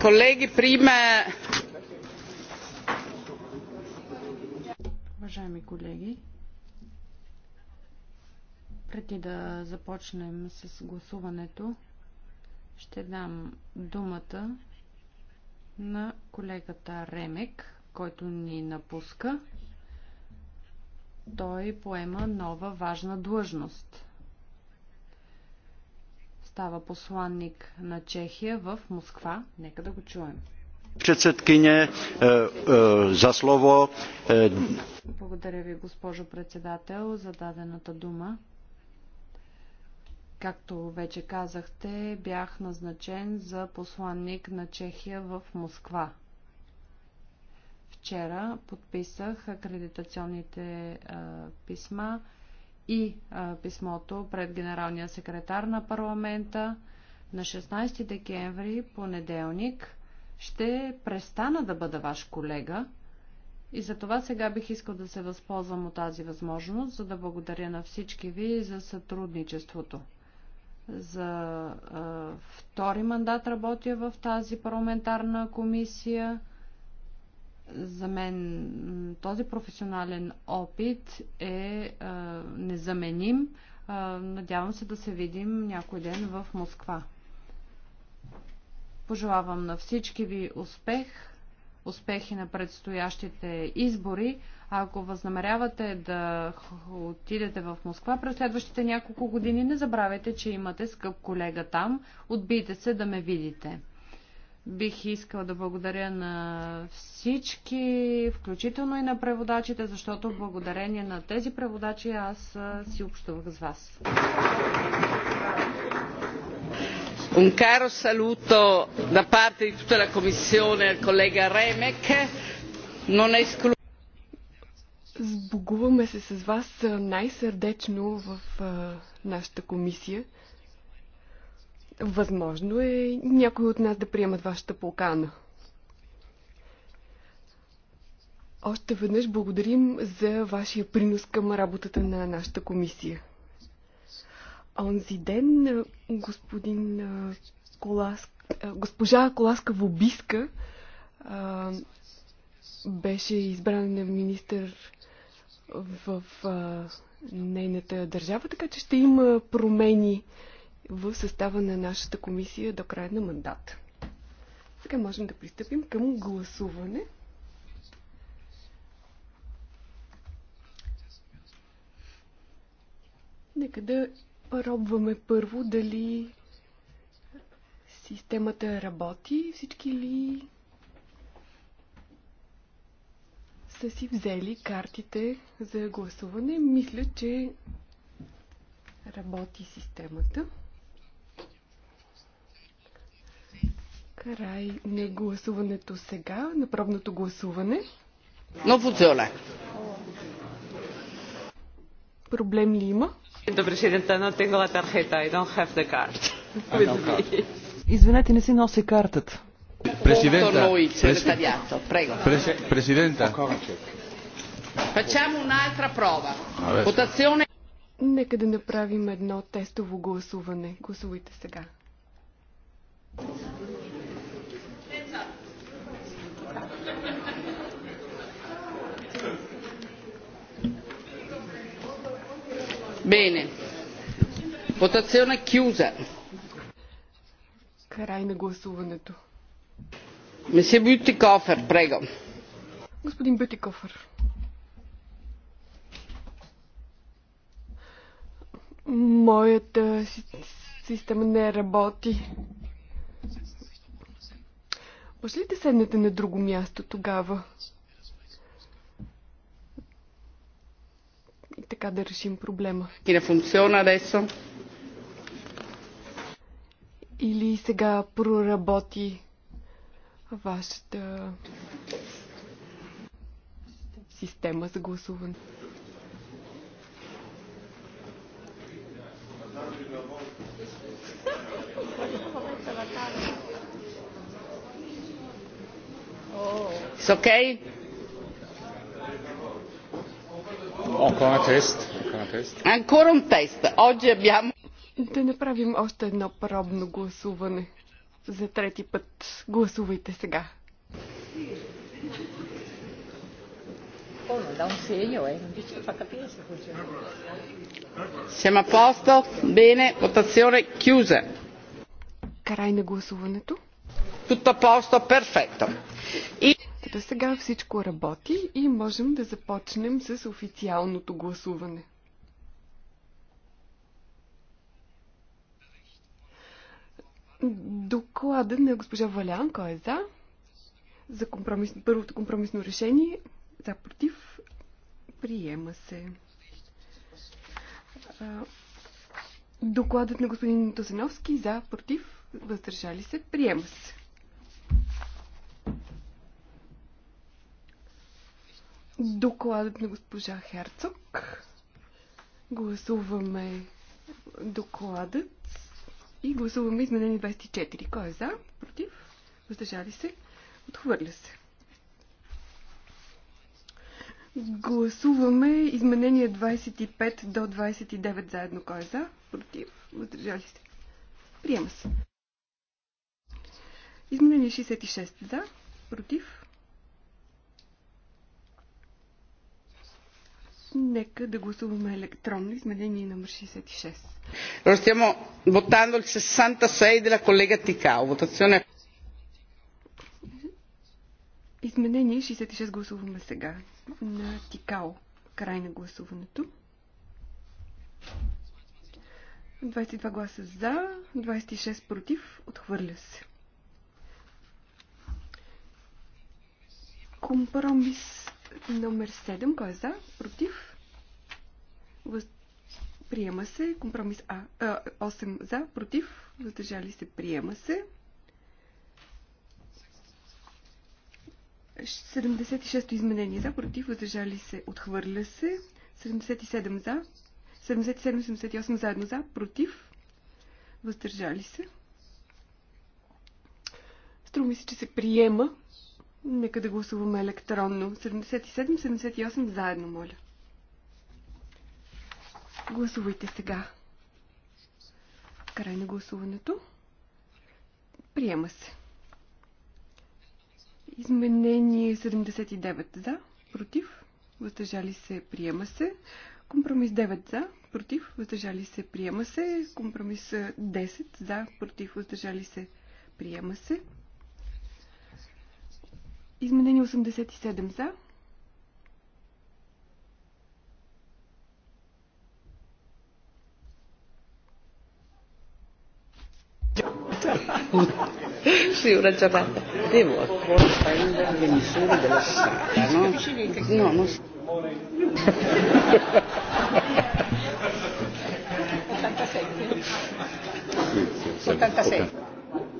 Колеги, приме... Уважаеми колеги, преди да започнем с гласуването, ще дам думата на колегата Ремек, който ни напуска. Той поема нова важна длъжност – става посланник на Чехия в Москва. Нека да го чуем. Председкиня, е, е, за слово. Е, Благодаря ви, госпожо председател, за дадената дума. Както вече казахте, бях назначен за посланник на Чехия в Москва. Вчера подписах акредитационните писма и а, писмото пред генералния секретар на парламента на 16 декември, понеделник, ще престана да бъда ваш колега. И за това сега бих искал да се възползвам от тази възможност, за да благодаря на всички ви за сътрудничеството. За а, втори мандат работя в тази парламентарна комисия. За мен този професионален опит е незаменим. Надявам се да се видим някой ден в Москва. Пожелавам на всички ви успех, успехи на предстоящите избори. ако възнамерявате да отидете в Москва през следващите няколко години, не забравяйте, че имате скъп колега там. Отбийте се да ме видите. Бих искала да благодаря на всички, включително и на преводачите, защото благодарение на тези преводачи аз си общувах с вас. Un caro saluto da parte di tutta la Commissione al collega Remek. Non esclu... Сбогуваме се с вас най-сърдечно в нашата комисия. Възможно е някой от нас да приемат вашата покана. Още веднъж благодарим за вашия принос към работата на нашата комисия. Онзи ден господин Колас, госпожа Коласка Вобиска а, беше избрана министър в а, нейната държава, така че ще има промени в състава на нашата комисия до края на мандата. Сега можем да пристъпим към гласуване. Нека да пробваме първо дали системата работи, всички ли са си взели картите за гласуване. Мисля, че работи системата. Край на гласуването сега, на пробното гласуване. Но функционе. Проблем ли има? Президента, но tengo la tarjeta. I don't have the card. Извинете, не си носи картата. Президента, президента, Facciamo un'altra prova. Votazione. Нека да направим едно тестово гласуване. Гласувайте сега. Bene. Votazione chiusa. Край на гласуването. Месе Бютикофер, прего. Господин Бютикофер. Моята система не работи. Може ли да седнете на друго място тогава? и така да решим проблема. И не функциона adesso? Или сега проработи вашата система за гласуване? It's okay? Ancora un test. Oggi abbiamo... Да направим още едно пробно гласуване. За трети път гласувайте сега. Eh. Siamo a posto? Bene, votazione chiusa. Край на гласуването. Tutto a posto, perfetto. И... Като сега всичко работи и можем да започнем с официалното гласуване. Доклада на госпожа Валян, кой е за? За компромис, първото компромисно решение, за против, приема се. Докладът на господин Тозановски за против, въздържали се, приема се. Докладът на госпожа Херцог. Гласуваме докладът и гласуваме изменени 24. Кой е за? Против? Въздържали се? Отхвърля се. Гласуваме изменения 25 до 29 заедно. Кой е за? Против? Въздържали се? Приема се. Изменение 66 за, против, Нека да гласуваме електронно изменение номер 66. Lo stiamo votando il 66 della collega Ticao. Votazione. Изменение 66 гласуваме сега на Тикао. Край на гласуването. 22 гласа за, 26 против, отхвърля се. Компромис номер 7, кой е за, против, Въз... Приема се. Компромис А. а 8 за, против, въздържали се, приема се. 76-то изменение за, против, въздържали се, отхвърля се. 77 за, 77-78 заедно за, против, въздържали се. Струми се, че се приема. Нека да гласуваме електронно. 77-78 заедно, моля. Гласувайте сега. Край на гласуването. Приема се. Изменение 79 за, против, въздържали се, приема се. Компромис 9 за, против, въздържали се, приема се. Компромис 10 за, против, въздържали се, приема се. Изменение 87 за, avuto sì, una giornata. Devo ancora prendere le misure della no? No, non so.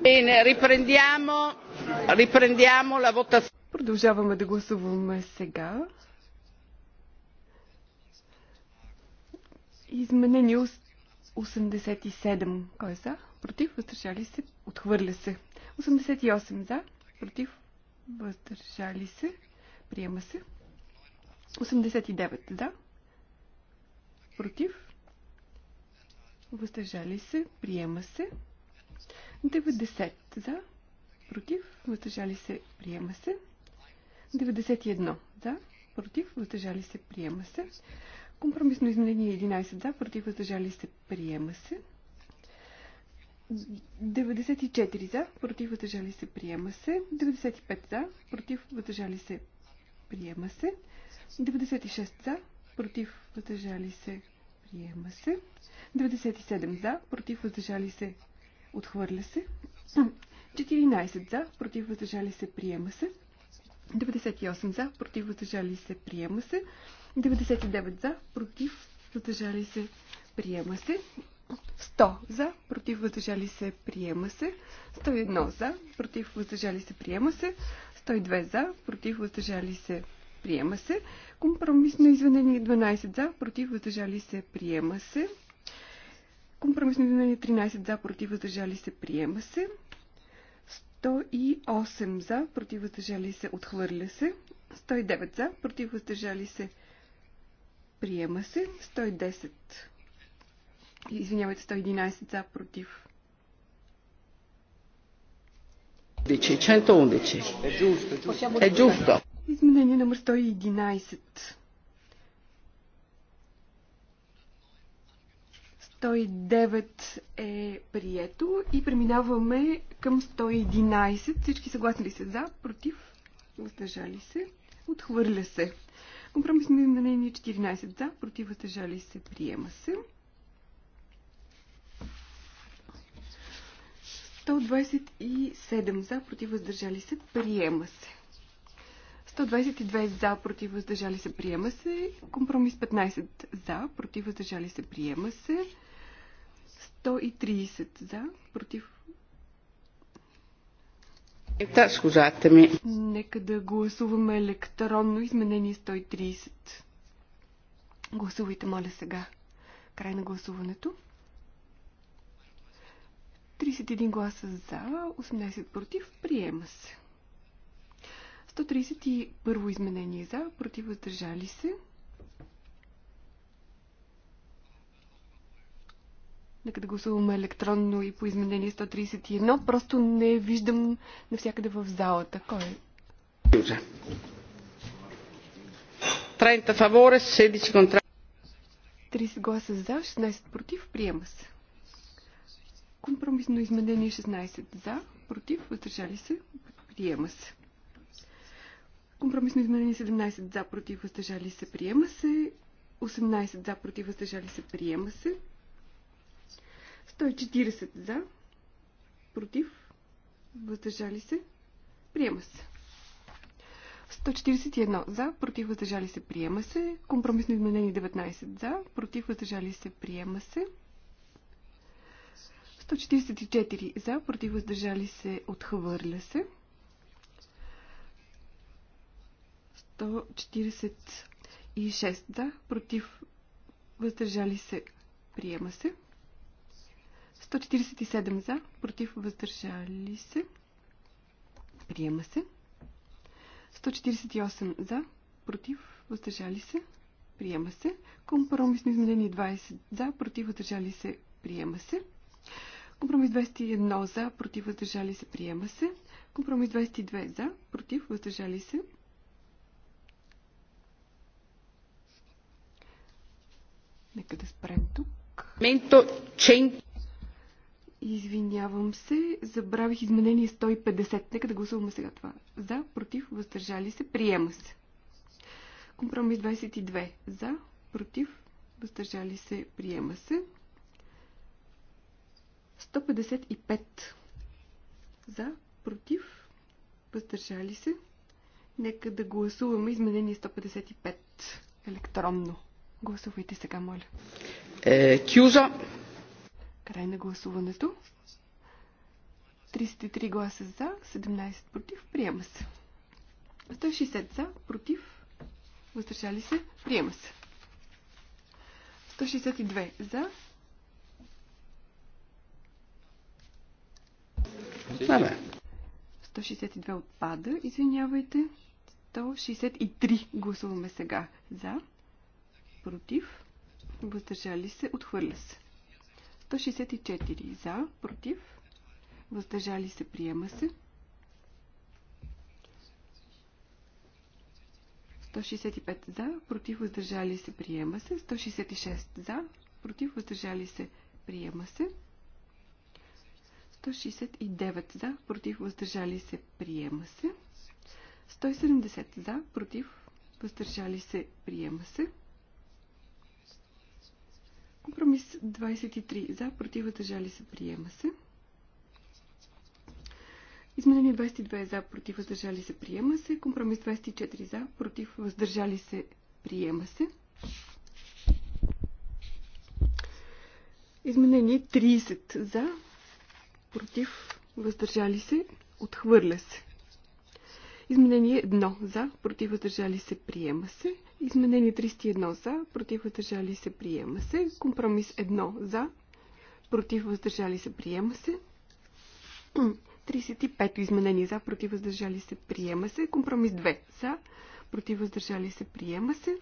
Bene, riprendiamo, riprendiamo la votazione. Продължаваме да гласуваме сега. уст. 87. Кой е за? Против? Въздържали се? Отхвърля се. 88 за. Против? Въздържали се? Приема се. 89 за. Против? Въздържали се? Приема се. 90 за. Против? Въздържали се? Приема се. 91 за. Против? Въздържали се? Приема се. Компромисно изменение 11 за, против въздържали се, приема се. 94 за, против въздържали се, приема се. 95 за, против въздържали се, приема се. 96 за, против въздържали се, приема се. 97 за, против въздържали се, отхвърля се. 14 за, против въздържали се, приема се. 98 за, против въздържали се, приема се. 99 за, против, въздържали се, приема се. 100 за, против, въздържали се, приема се. 101 за, против, въздържали се, приема се. 102 за, против, въздържали се, приема се. Компромисно извинение 12 за, против, въздържали се, приема се. Компромисно извинение 13 за, против, въздържали се, приема се. 108 за, против, въздържали се, отхвърля се. 109 за, против, въздържали се, приема се. Приема се. 110. Извинявайте, 111 за против. 111. Е giusto. Е Изменение номер 111. 109 е прието и преминаваме към 111. Всички съгласни ли са за, против, въздържали се, отхвърля се. Компромисни на нейни 14 за, против въздържали се, приема се. 127 за, против въздържали се, приема се. 122 за, против въздържали се, приема се. Компромис 15 за, против въздържали се, приема се. 130 за, против ми. Нека да гласуваме електронно изменение 130. Гласувайте, моля, сега. Край на гласуването. 31 гласа за, 18 против. Приема се. 131 изменение за, против въздържали се. Нека да гласуваме електронно и по изменение 131. Просто не виждам навсякъде в залата. Кой е? 30 фаворе, 16 контра. 30 гласа за, 16 против. Приема се. Компромисно изменение 16 за, против, въздържали се. Приема се. Компромисно изменение 17 за, против, въздържали се. Приема се. 18 за, против, въздържали се. Приема се. 140 за, против, въздържали се, приема се. 141 за, против, въздържали се, приема се. Компромисно изменение 19 за, против, въздържали се, приема се. 144 за, против, въздържали се, отхвърля се. 146 за, против, въздържали се, приема се. 147 за, против, въздържали се. Приема се. 148 за, против, въздържали се. Приема се. Компромисно изменение 20 за, против, въздържали се. Приема се. Компромис 21 за, против, въздържали се. Приема се. Компромис 22 за, против, въздържали се. Нека да спрем тук. Менто 100. Извинявам се, забравих изменение 150. Нека да гласуваме сега това. За, против, въздържали се, приема се. Компромис 22. За, против, въздържали се, приема се. 155. За, против, въздържали се. Нека да гласуваме изменение 155 електронно. Гласувайте сега, моля. Е, Край на гласуването. 33 гласа за, 17 против. Приема се. 160 за, против. Въздържали се. Приема се. 162 за. Абе. 162 отпада, извинявайте. 163 гласуваме сега. За, против, въздържали се, отхвърля се. 164 за, против, въздържали се, приема се. 165 за, против, въздържали се, приема се. 166 за, против, въздържали се, приема се. 169 за, против, въздържали се, приема се. 170 за, против, въздържали се, приема се. Компромис 23 за, против, жали се, приема се. Изменение 22 за, против, въздържали се, приема се. Компромис 24 за, против, въздържали се, приема се. Изменение 30 за, против, въздържали се, отхвърля се. Изменение 1 за, против въздържали се, приема се. Изменение 31 за, против въздържали се, приема се. Компромис 1 за, против въздържали се, приема се. 35 изменение за, против въздържали се, приема се. Компромис 2 за, против въздържали се, приема се.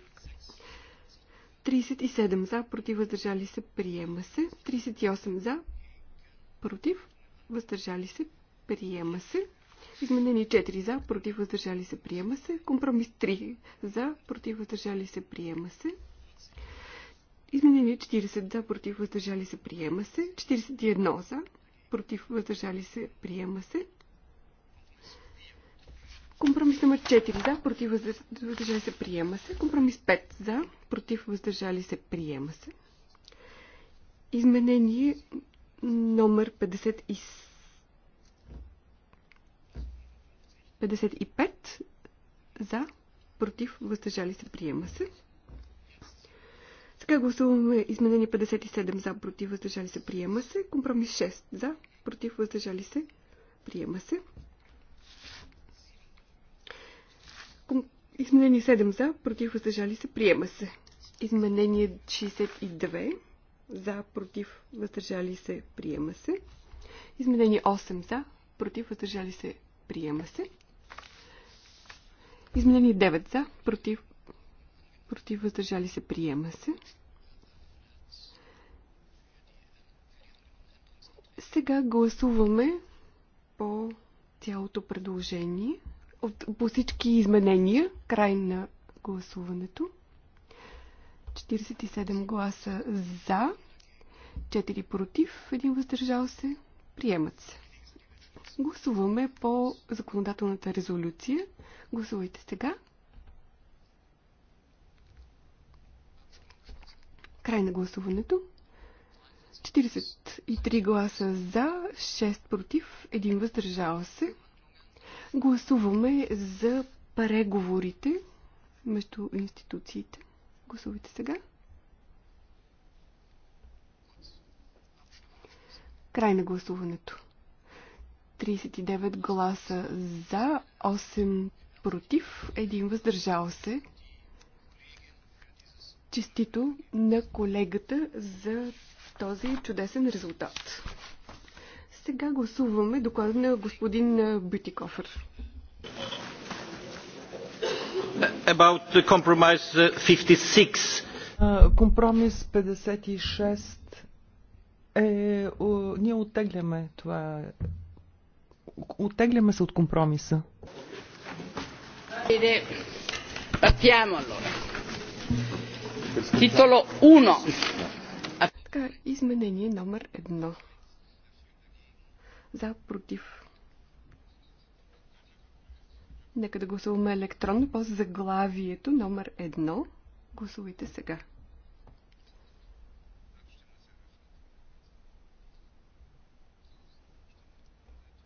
37 за, против въздържали се, приема се. 38 за, против въздържали се, приема се. Изменени 4 за, против въздържали се, приема се. Компромис 3 за, против въздържали се, приема се. Изменени 40 за, против въздържали се, приема се. 41 за, против въздържали се, приема се. Компромис номер 4 за, против въздържали се, приема се. Компромис 5 за, против въздържали се, приема се. Изменение номер 57 55 за, против, въздържали се, приема се. Сега гласуваме изменение 57 за, против, въздържали се, приема се. Компромис 6 за, против, въздържали се, приема се. Изменение 7 за, против, въздържали се, приема се. Изменение 62 за, против, въздържали се, приема се. Изменение 8 за, против, въздържали се, приема се. Изменени 9 за, против, против, въздържали се, приема се. Сега гласуваме по цялото предложение, от, по всички изменения, край на гласуването. 47 гласа за, 4 против, 1 въздържал се, приемат се. Гласуваме по законодателната резолюция. Гласувайте сега. Край на гласуването. 43 гласа за, 6 против, 1 въздържал се. Гласуваме за преговорите между институциите. Гласувайте сега. Край на гласуването. 39 гласа за, 8 против, 1 въздържал се. Честито на колегата за този чудесен резултат. Сега гласуваме доклада на господин Бютикофер. About the compromise 56. Uh, компромис 56 е, о, ние оттегляме това Оттегляме се от компромиса. Partiamo allora. Titolo 1. Така, изменение номер 1. За, против. Нека да гласуваме електронно по заглавието номер 1. Гласувайте сега.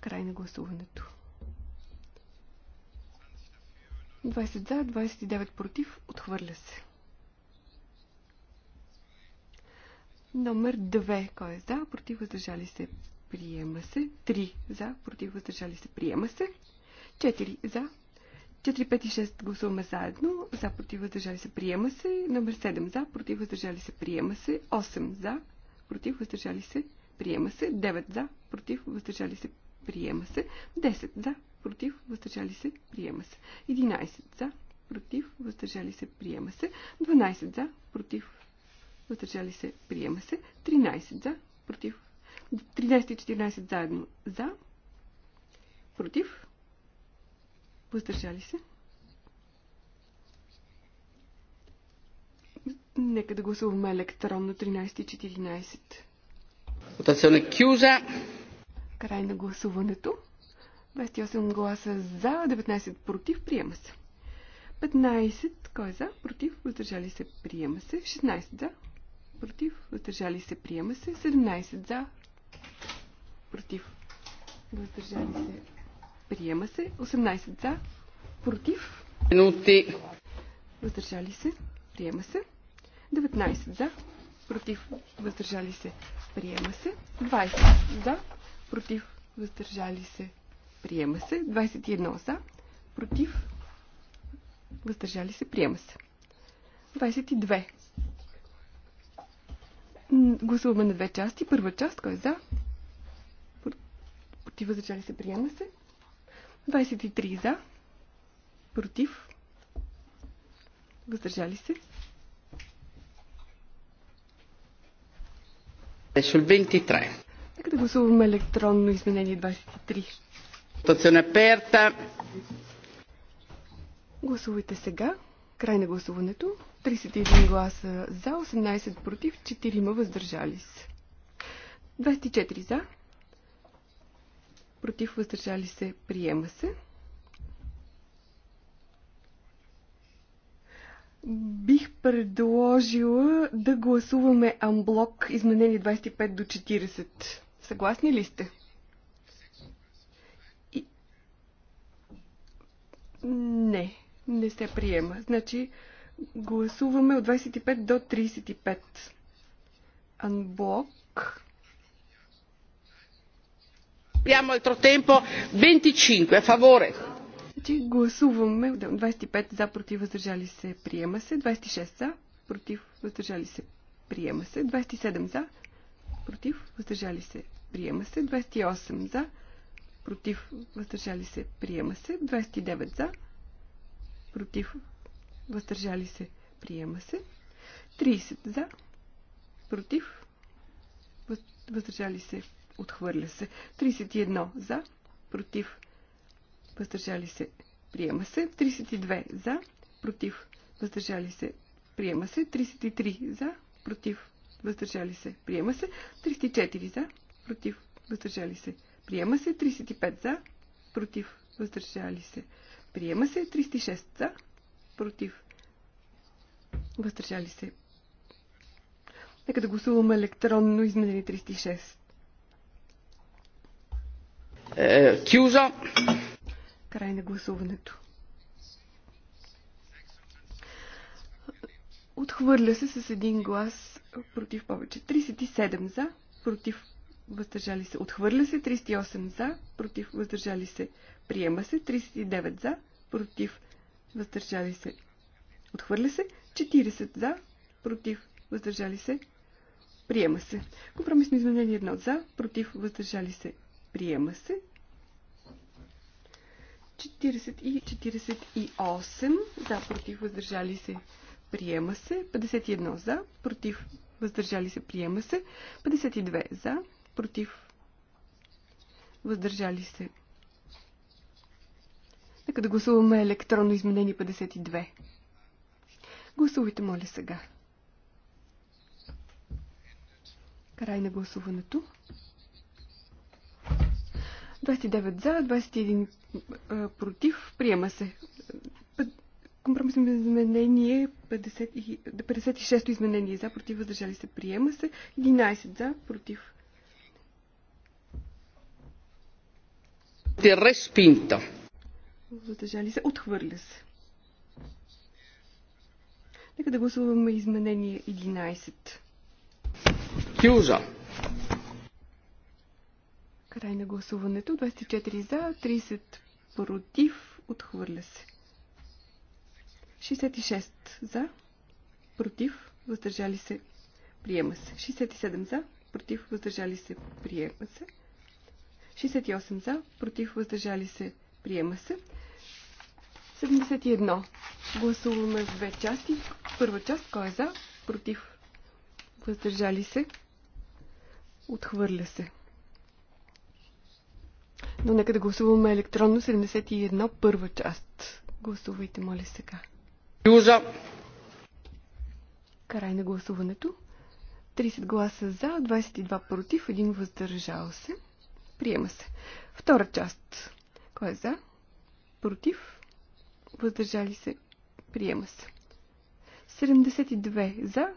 Край на гласуването. 20 за, 29 против, отхвърля се. Номер 2. Кой е за? Против въздържали се. Приема се. 3 за. Против въздържали се. Приема се. 4 за. 4, 5 и 6 гласуваме заедно. За. Против въздържали се. Приема се. Номер 7 за. Против въздържали се. Приема се. 8 за. Против въздържали се. Приема се. 9 за. Против въздържали се приема се. 10 за, против, въздържали се, приема се. 11 за, против, въздържали се, приема се. 12 за, против, въздържали се, приема се. 13 за, против. 13 и 14 заедно за, против, въздържали се. Нека да гласуваме електронно 13 и 14. Votazione chiusa. Край на гласуването. 28 гласа за, 19 против, приема се. 15, кой е за, против, въздържали се, приема се. 16 за, против, въздържали се, приема се. 17 за, против, въздържали се, приема се. 18 за, против. Минути. Въздържали се, приема се. 19 за, против, въздържали се, приема се. 20 за, против, въздържали се, приема се. 21 за, против, въздържали се, приема се. 22. Гласуваме на две части. Първа част, кой е за? Против, въздържали се, приема се. 23 за, против, въздържали се. Sul 23. Нека да гласуваме електронно изменение 23. Тационе перта. Гласувайте сега. Край на гласуването. 31 гласа за, 18 против, 4 въздържали се. 24 за. Против въздържали се. Приема се. Бих предложила да гласуваме амблок изменение 25 до 40. Съгласни ли сте? И... Не, не се приема. Значи гласуваме от 25 до 35. Анблок. Abbiamo altro tempo 25 a favore. Значи гласуваме 25 за, против, въздържали се, приема се. 26 за, против, въздържали се, приема се. 27 за, против, въздържали се, приема се. 208 за, против, въздържали се, приема се. 209 за, против, въздържали се, приема се. 30 за, против, въздържали се, отхвърля се. 31 за, против, въздържали се, приема се. 32 за, против, въздържали се, приема се. 33 за, против, въздържали се, приема се. 34 за, против, въздържали се. Приема се 35 за, против, въздържали се. Приема се 36 за, против, въздържали се. Нека да гласуваме електронно изменени 36. Е, кюза. Край на гласуването. Отхвърля се с един глас против повече. 37 за, против въздържали се, отхвърля се, 38 за, против, въздържали се, приема се, 39 за, против, въздържали се, отхвърля се, 40 за, против, въздържали се, приема се. Компромисно изменение 1 за, против, въздържали се, приема се. 40 и 48 за, против, въздържали се, приема се, 51 за, против, въздържали се, приема се, 52 за, против, въздържали се. Нека да гласуваме електронно изменение 52. Гласувайте, моля, сега. Край на гласуването. 29 за, 21 против. Приема се. Компромисно изменение 50, 56 изменение за, против, въздържали се. Приема се. 11 за, против, Респинто. ли се. Отхвърля се. Нека да гласуваме изменение 11. Кюжа. Край на гласуването. 24 за, 30 против. Отхвърля се. 66 за, против, въздържали се, приема се. 67 за, против, въздържали се, приема се. 68 за, против, въздържали се, приема се. 71. Гласуваме в две части. Първа част, кой е за, против, въздържали се, отхвърля се. Но нека да гласуваме електронно 71 първа част. Гласувайте, моля сега. Южа. Край на гласуването. 30 гласа за, 22 против, 1 въздържал се. Приема се. Втора част. Кой е за? Против? Въздържали се? Приема се. 72 за?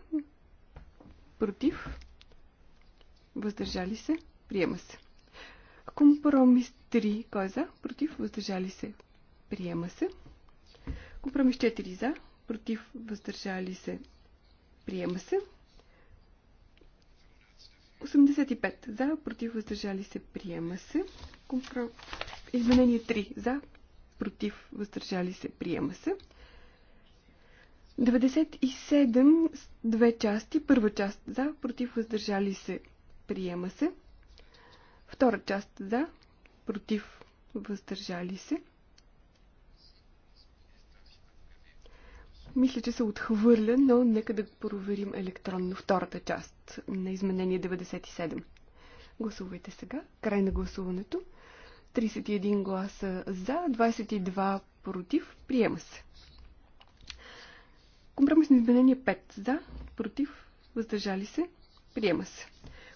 Против? Въздържали се? Приема се. Компромис 3. Кой е за? Против? Въздържали се? Приема се. Компромис 4 за? Против? Въздържали се? Приема се. 85 за, против, въздържали се, приема се. Изменение 3 за, против, въздържали се, приема се. 97 две части. Първа част за, против, въздържали се, приема се. Втора част за, против, въздържали се, Мисля, че се отхвърля, но нека да проверим електронно втората част на изменение 97. Гласувайте сега. Край на гласуването. 31 гласа за, 22 против. Приема се. Компромисно изменение 5 за, против, въздържали се. Приема се.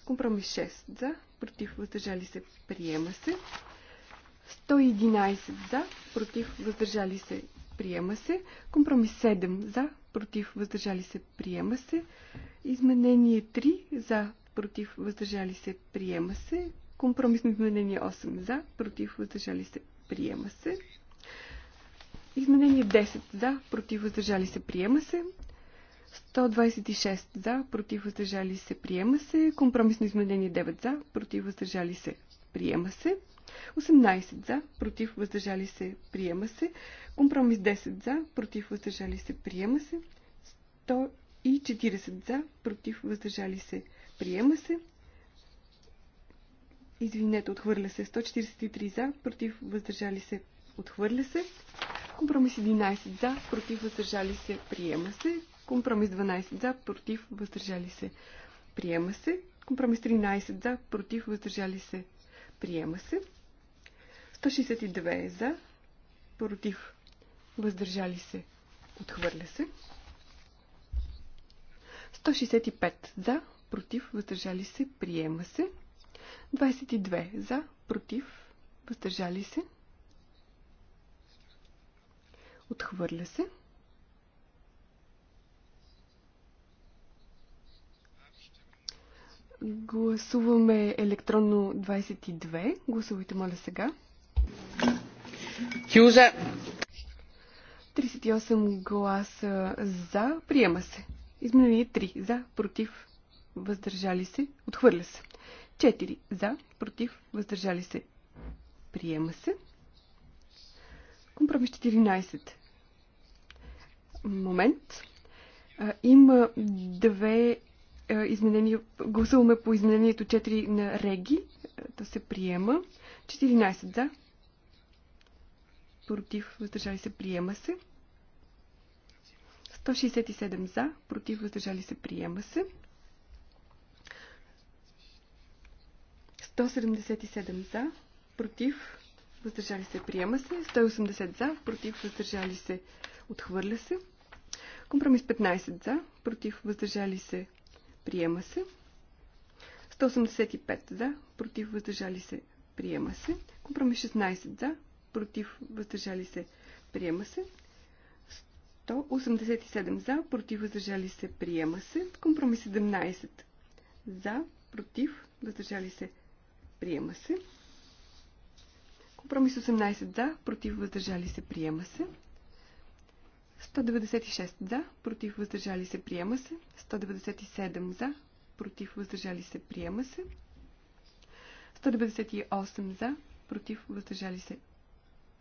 Компромис 6 за, против, въздържали се. Приема се. 111 за, против, въздържали се приема се. Компромис 7 за, против, въздържали се, приема се. Изменение 3 за, против, въздържали се, приема се. Компромисно изменение 8 за, против, въздържали се, приема се. Изменение 10 за, против, въздържали се, приема се. 126 за, против, въздържали се, приема се. на изменение 9 за, против, въздържали се, приема се. 18 за, против, въздържали се, приема се. Компромис 10 за, против, въздържали се, приема се. 140 за, против, въздържали се, приема се. Извинете, отхвърля се. 143 за, против, въздържали се, отхвърля се. Компромис 11 за, против, въздържали се, приема се. Компромис 12 за, против, въздържали се, приема се. Компромис 13 за, против, въздържали се, Приема се. 162 е за. Против. Въздържали се. Отхвърля се. 165 за. Против. Въздържали се. Приема се. 22 за. Против. Въздържали се. Отхвърля се. Гласуваме електронно 22. Гласувайте, моля, сега. Хюза! 38 гласа за. Приема се. Изменение 3. За, против, въздържали се. Отхвърля се. 4. За, против, въздържали се. Приема се. Компромис 14. Момент. Има две е, Изменение, гласуваме по изменението 4 на Реги. Е, то се приема. 14 за. Да. Против, въздържали се, приема се. 167 за. Против, въздържали се, приема се. 177 за. Против, въздържали се, приема се. 180 за. Против, въздържали се, отхвърля се. Компромис 15 за. Против, въздържали се, Приема се. 185 за, против въздържали се, приема се. Компромис 16 за, против въздържали се, приема се. 187 за, против въздържали се, приема се. Компромис 17 за, против въздържали се, приема се. Компромис 18 за, против въздържали се, приема се. 196 за, против въздържали се, приема се. 197 за, против въздържали се, приема се. 198 за, против въздържали се,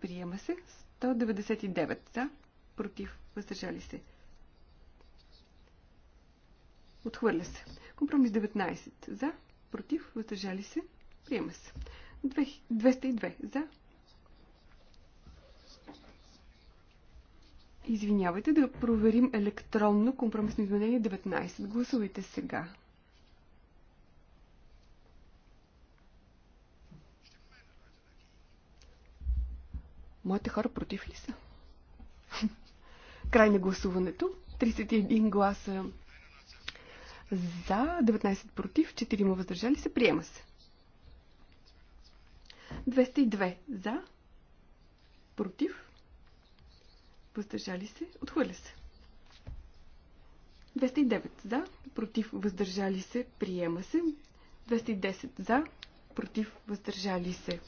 приема се. 199 за, против въздържали се. Отхвърля се. Компромис 19 за, против въздържали се, приема се. 202 за, Извинявайте да проверим електронно компромисно изменение 19. Гласувайте сега. Моите хора против ли са? Край на гласуването. 31 гласа за, 19 против, 4 му въздържали се. Приема се. 202 за, против, въздържали се, отхвърля се. 209 за, против, въздържали се, приема се. 210 за, против, въздържали се,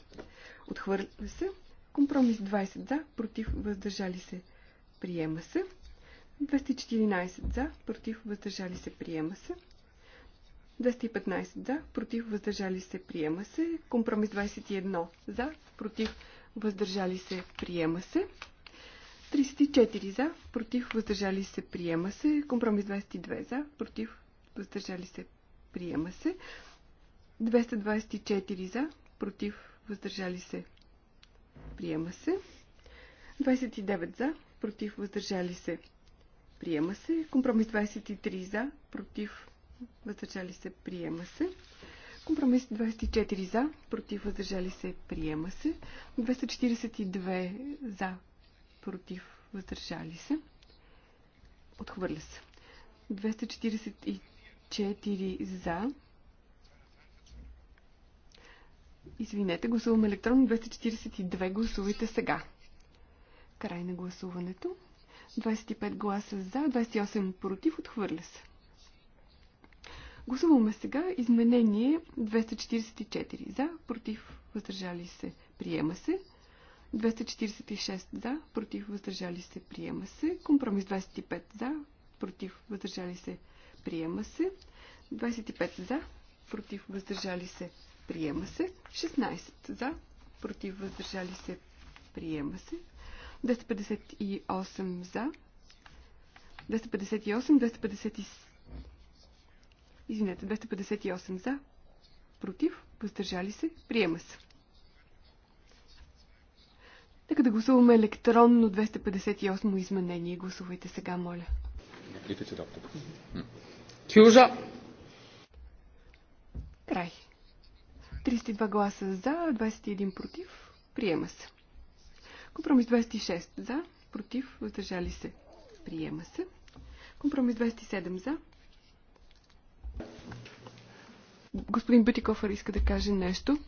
отхвърля се. Компромис 20 за, против, въздържали се, приема се. 214 за, против, въздържали се, приема се. 215 за, против, въздържали се, приема се. Компромис 21 за, против, въздържали се, приема се. 34 за, против, въздържали се, приема се. Компромис 22 за, против, въздържали се, приема се. 224 за, против, въздържали се, приема се. 29 за, против, въздържали се, приема се. Компромис 23 за, против, въздържали се, приема се. Компромис 24 за, против, въздържали се, приема се. 242 за, против, въздържали се. Отхвърля се. 244 за. Извинете, гласувам електронно. 242 гласувайте сега. Край на гласуването. 25 гласа за, 28 против, отхвърля се. Гласуваме сега изменение 244 за, против, въздържали се, приема се. 246 за, против, въздържали се, приема се. Компромис 25 за, против, въздържали се, приема се. 25 за, против, въздържали се, приема се. 16 за, против, въздържали се, приема се. 258 за. 258, 250... Извинете, 258 за, против, въздържали се, приема се. Нека да гласуваме електронно 258 изменение. Гласувайте сега, моля. Кюжа! Край. 32 гласа за, 21 против. Приема се. Компромис 26 за, против, въздържали се. Приема се. Компромис 27 за. Господин Бютикофър иска да каже нещо.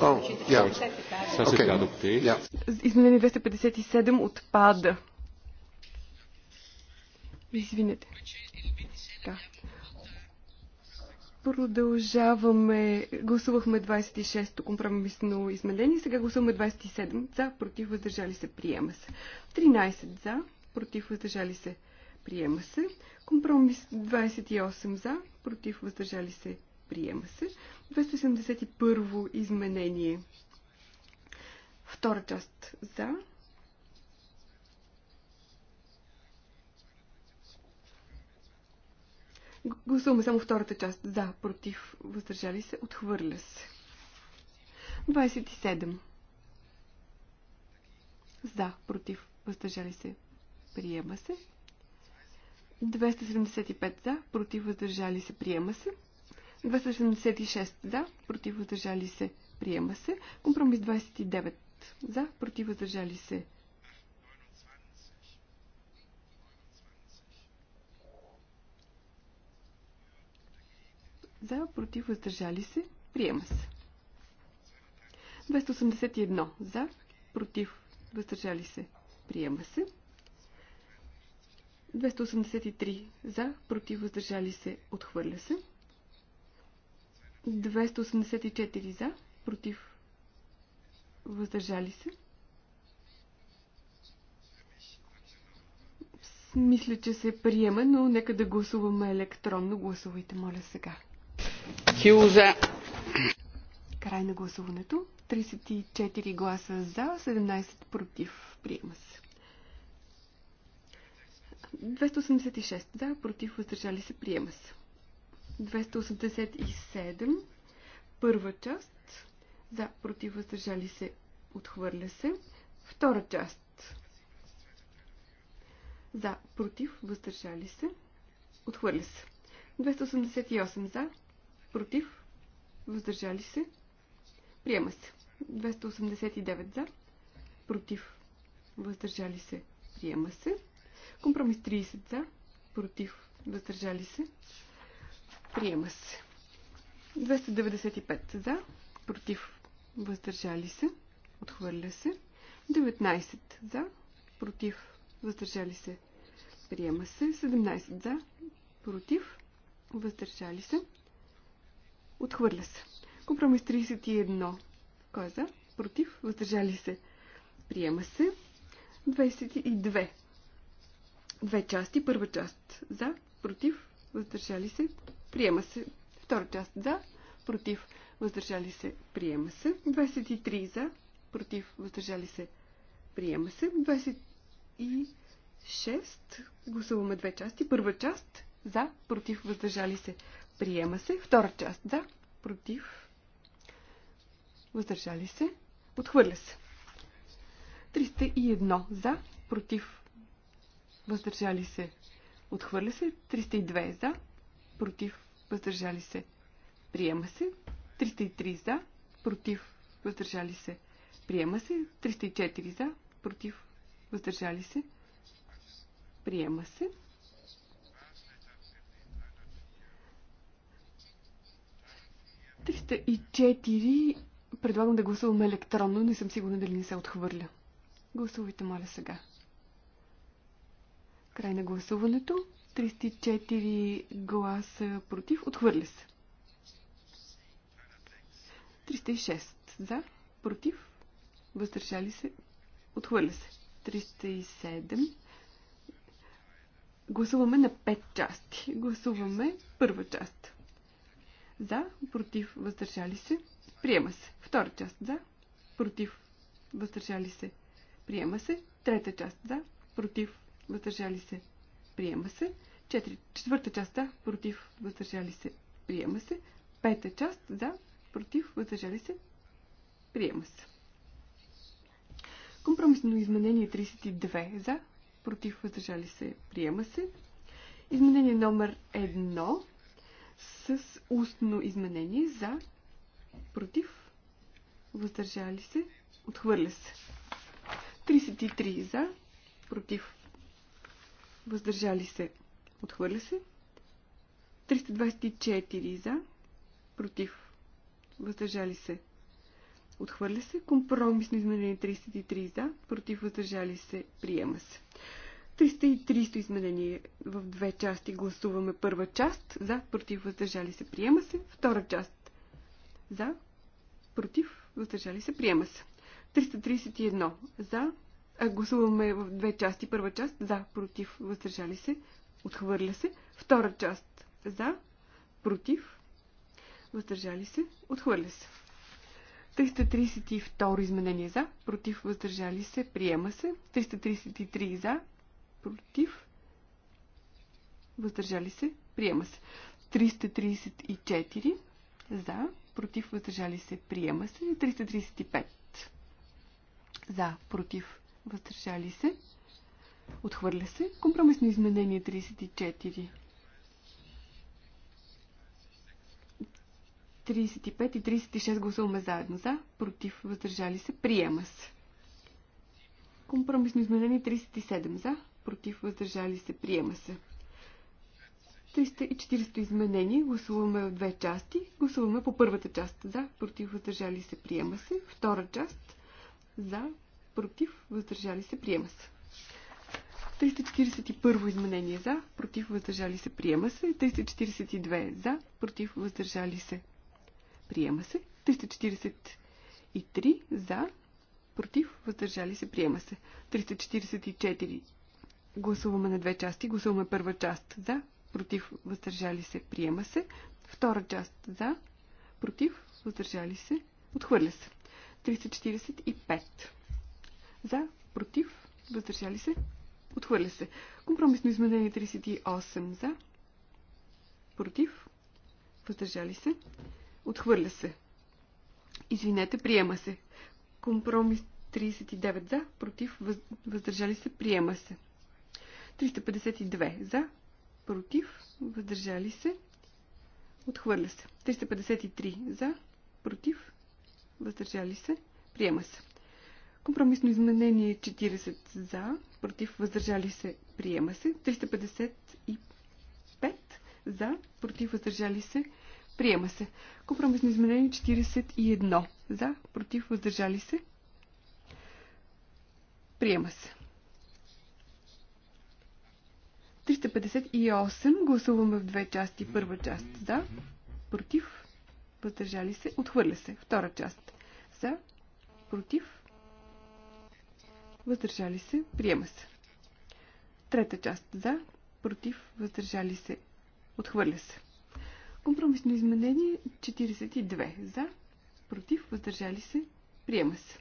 Oh, yeah. Yeah. Изменение 257 отпада. Извинете. Да. Продължаваме. Гласувахме 26-то компромисно изменение. Сега гласуваме 27 за, против, въздържали се, приема се. 13 за, против, въздържали се, приема се. Компромис 28 за, против, въздържали се, Приема се. 271 изменение. Втора част за. Гласуваме само втората част. За, против, въздържали се, отхвърля се. 27. За, против, въздържали се, приема се. 275 за, против, въздържали се, приема се. 276 за, против въздържали се, приема се. Компромис 29 за, против въздържали се. За, против въздържали се, приема се. 281 за, против въздържали се, приема се. 283 за, против въздържали се, отхвърля се. 284 за, против, въздържали се. Мисля, че се приема, но нека да гласуваме електронно. Гласувайте, моля, сега. Хилза. Край на гласуването. 34 гласа за, 17 против. Приема се. 286 за, против, въздържали се, приема се. 287. Първа част. За, против, въздържали се, отхвърля се. Втора част. За, против, въздържали се, отхвърля се. 288 за, против, въздържали се, приема се. 289 за, против, въздържали се, приема се. Компромис 30 за, против, въздържали се, Приема се. 295 за, против, въздържали се, отхвърля се. 19 за, против, въздържали се, приема се. 17 за, против, въздържали се, отхвърля се. Компромис 31. Кой е за? Против, въздържали се, приема се. 22. Две части. Първа част за, против, въздържали се, Приема се. Втора част за, против, въздържали се, приема се. 23 за, против, въздържали се, приема се. 26. Гласуваме две части. Първа част за, против, въздържали се, приема се. Втора част за, против, въздържали се, отхвърля се. 301 за, против, въздържали се, отхвърля се. 302 за, против, въздържали се, приема се. 303 за, против, въздържали се, приема се. 304 за, против, въздържали се, приема се. и 4. Предлагам да гласуваме електронно. Не съм сигурна дали не се отхвърля. Гласувайте, моля, сега. Край на гласуването. 34 гласа против. Отхвърля се. 306 за, против, въздържали се, отхвърля се. 307. Гласуваме на 5 части. Гласуваме първа част. За, против, въздържали се, приема се. Втора част за, против, въздържали се, приема се. Трета част за, против, въздържали се, Приема се. Четири, четвърта част за, против, въздържали се. Приема се. Пета част за, против, въздържали се. Приема се. Компромисно изменение 32 за, против, въздържали се. Приема се. Изменение номер 1 с устно изменение за, против, въздържали се, отхвърля се. 33 за, против, въздържали се, отхвърля се. 324 за, против, въздържали се, отхвърля се. Компромисно изменение 33 за, против, въздържали се, приема се. 330 изменение в две части гласуваме първа част, за, против, въздържали се, приема се. Втора част, за, против, въздържали се, приема се. 331 за, Гласуваме в две части. Първа част за, против, въздържали се, отхвърля се. Втора част за, против, въздържали се, отхвърля се. 332 изменение за, против, въздържали се, приема се. 333 за, против, въздържали се, приема се. 334 за, против, въздържали се, приема се. 335 за, против, въздържали се, отхвърля се. Компромисно изменение 34. 35 и 36 гласуваме заедно за, против, въздържали се, приема се. Компромисно изменение 37 за, против, въздържали се, приема се. 340 изменение. Гласуваме в две части. Гласуваме по първата част за, против въздържали се, приема се. Втора част за, против, въздържали се, приема се. 341 изменение за, против, въздържали се, приема се. 342 за, против, въздържали се, приема се. 343 за, против, въздържали се, приема се. 344 гласуваме на две части. Гласуваме първа част за, против, въздържали се, приема се. Втора част за, против, въздържали се, отхвърля се. 345 за, против, въздържали се, отхвърля се. Компромисно изменение 38 за, против, въздържали се, отхвърля се. Извинете, приема се. Компромис 39 за, против, въздържали се, приема се. 352 за, против, въздържали се, отхвърля се. 353 за, против, въздържали се, приема се. Компромисно изменение 40 за, против въздържали се, приема се. 355 за, против въздържали се, приема се. Компромисно изменение 41 за, против въздържали се, приема се. 358 гласуваме в две части. Първа част за, против, въздържали се, отхвърля се. Втора част за, против, въздържали се, приема се. Трета част за, против, въздържали се, отхвърля се. Компромисно изменение 42 за, против, въздържали се, приема се.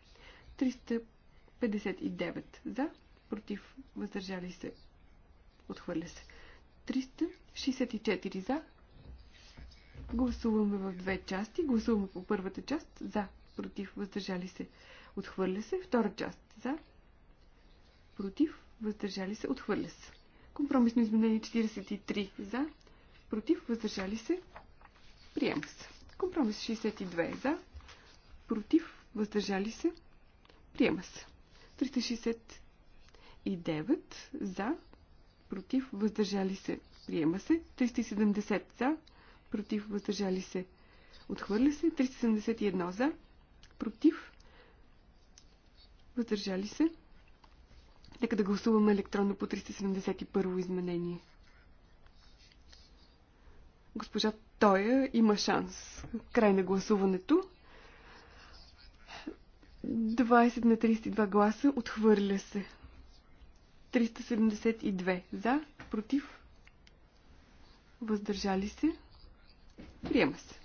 359 за, против, въздържали се, отхвърля се. 364 за. Гласуваме в две части. Гласуваме по първата част за, против, въздържали се, отхвърля се. Втора част за, против, въздържали се, отхвърля се. Компромисно изменение 43 за, против, въздържали се, приема се. Компромис 62 за, против, въздържали се, приема се. 369 за, против, въздържали се, приема се. 370 за, против, въздържали се, отхвърля се. 371 за, против, въздържали се, Нека да гласуваме електронно по 371 изменение. Госпожа Тоя има шанс. Край на гласуването. 20 на 32 гласа отхвърля се. 372 за, против, въздържали се, приема се.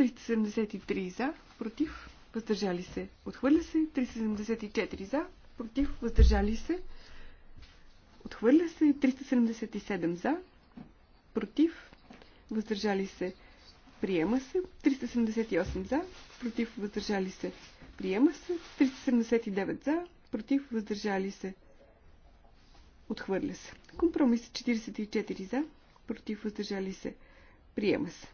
373 за, против, въздържали се, отхвърля се. 374 за, против, въздържали се, отхвърля се. 377 за, против, въздържали се, приема се. 378 за, против, въздържали се, приема се. 379 за, против, въздържали се, отхвърля се. Компромис 44 за, против, въздържали се, приема се.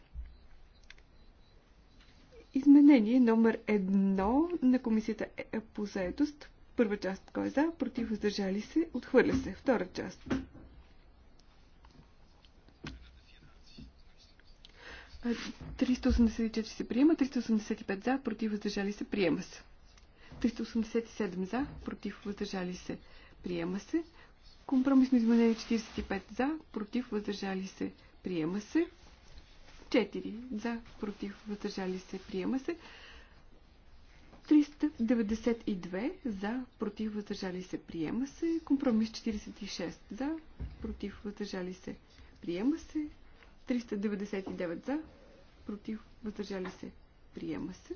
Изменение номер едно на комисията е по заедост. Първа част кой е за, против въздържали се, отхвърля се. Втора част. А, 384 се приема, 385 за, против въздържали се, приема се. 387 за, против въздържали се, приема се. Компромисно изменение 45 за, против въздържали се, приема се. 4 за, против, въздържали се, приема се. 392 за, против, въздържали се, приема се. Компромис 46 за, против, въздържали се, приема се. 399 за, против, въздържали се, приема се.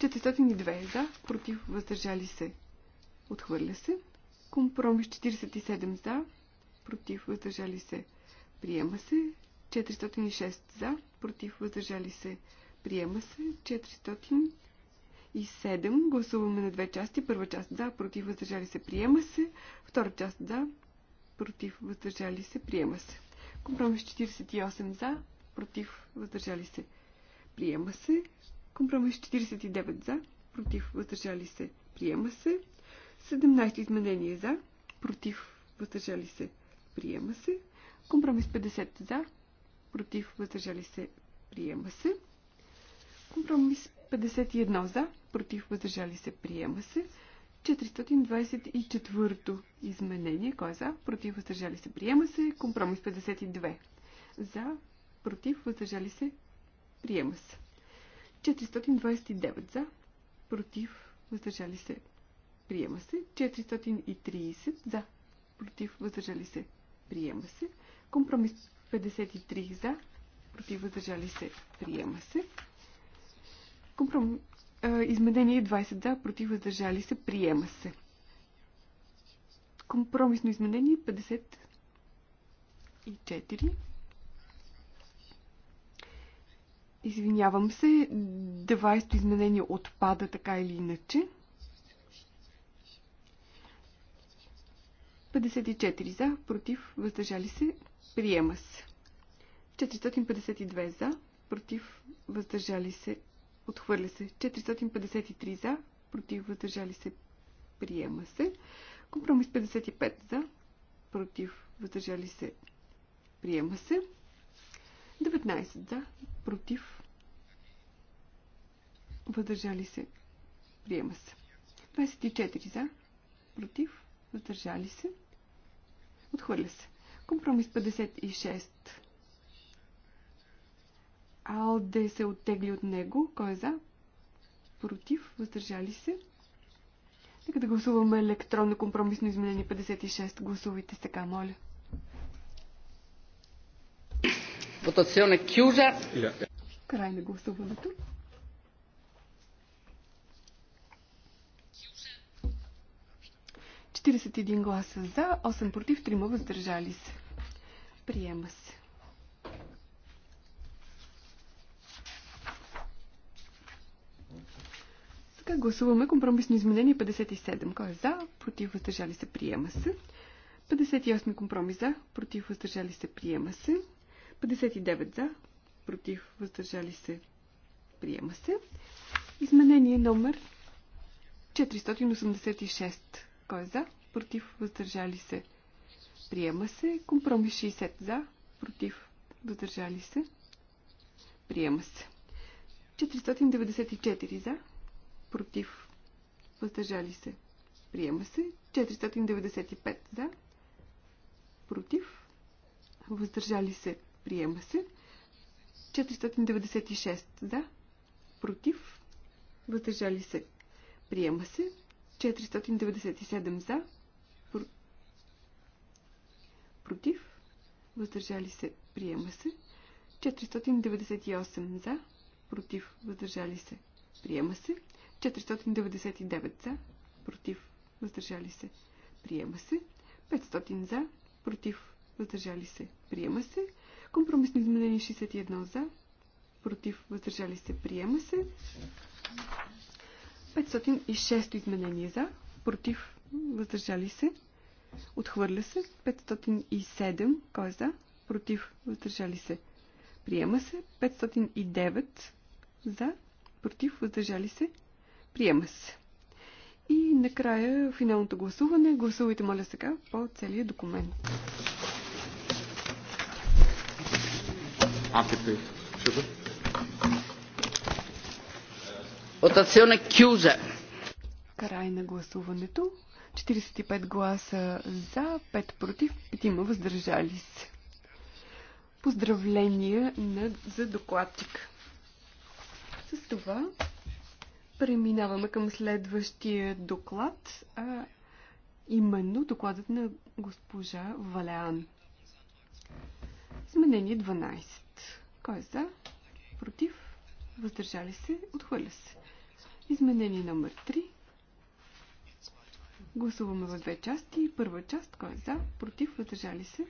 402 за, против, въздържали се, отхвърля се. Компромис 47 за, против, въздържали се, приема се. 406 за, против, въздържали се, приема се. 407 гласуваме на две части. Първа част за, против, въздържали се, приема се. Втора част за, против, въздържали се, приема се. Компромис 48 за, против, въздържали се, приема се. Компромис 49 за, против, въздържали се, приема се. 17 изменение за, против, въздържали се, приема се. Компромис 50 за, против, въздържали се, приема се. Компромис 51 за, против, въздържали се, приема се. 424 изменение, кой е за, против, въздържали се, приема се. Компромис 52 за, против, въздържали се, приема се. 429 за, против, въздържали се, приема се. 430 за, против, въздържали се, приема се. Компромис 53 за, против въздържали се, приема се. Компром... Изменение 20 за, против въздържали се, приема се. Компромисно изменение 54. Извинявам се, 20-то изменение отпада така или иначе. 54 за, против, въздържали се, Приема се. 452 за, против, въздържали се, отхвърля се. 453 за, против, въздържали се, приема се. Компромис 55 за, против, въздържали се, приема се. 19 за, против, въздържали се, приема се. 24 за, против, въздържали се, отхвърля се. Компромис 56. Алде се оттегли от него. Кой е за? Против? Въздържали се? Нека да гласуваме електронно компромисно изменение 56. Гласувайте сега, моля. Votazione chiusa. Край на гласуването. Четиридесет 41 гласа за, 8 против, 3 въздържали се. Приема се. Сега гласуваме компромисно изменение 57. Кой е за? Против въздържали се. Приема се. 58 компромис за. Против въздържали се. Приема се. 59 за. Против въздържали се. Приема се. Изменение номер 486. Кой е за? Против въздържали се. Приема се. Компромис 60 за. Против. Въздържали се. Приема се. 494 за. Против. Въздържали се. Приема се. 495 за. Против. Въздържали се. Приема се. 496 за. Против. Въздържали се. Приема се. 497 за против, въздържали се, приема се. 498 за, против, въздържали се, приема се. 499 за, против, въздържали се, приема се. 500 за, против, въздържали се, приема се. Компромисни изменение 61 за, против, въздържали се, приема се. 506 изменения за, против, въздържали се, Отхвърля се. 507. Кой е за? Против. Въздържали се. Приема се. 509. За. Против. Въздържали се. Приема се. И накрая финалното гласуване. Гласувайте, моля сега, по целия документ. Отационна кюза. Край на гласуването. 45 гласа за, 5 против, 5 въздържали се. Поздравления на, за докладчик. С това преминаваме към следващия доклад, а именно докладът на госпожа Валеан. Изменение 12. Кой е за? Против? Въздържали се? Отхвърля се. Изменение номер 3. Гласуваме в две части. Първа част, кой е за, против, въздържали се,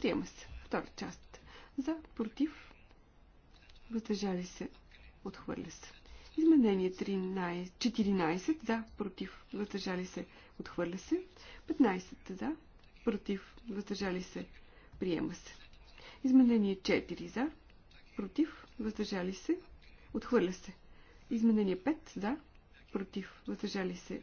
приема се. Втора част, за, против, въздържали се, отхвърля се. Изменение 13, 14 за, против, въздържали се, отхвърля се. 15 за, против, въздържали се, приема се. Изменение 4 за, против, въздържали се, отхвърля се. Изменение 5 за, против, въздържали се,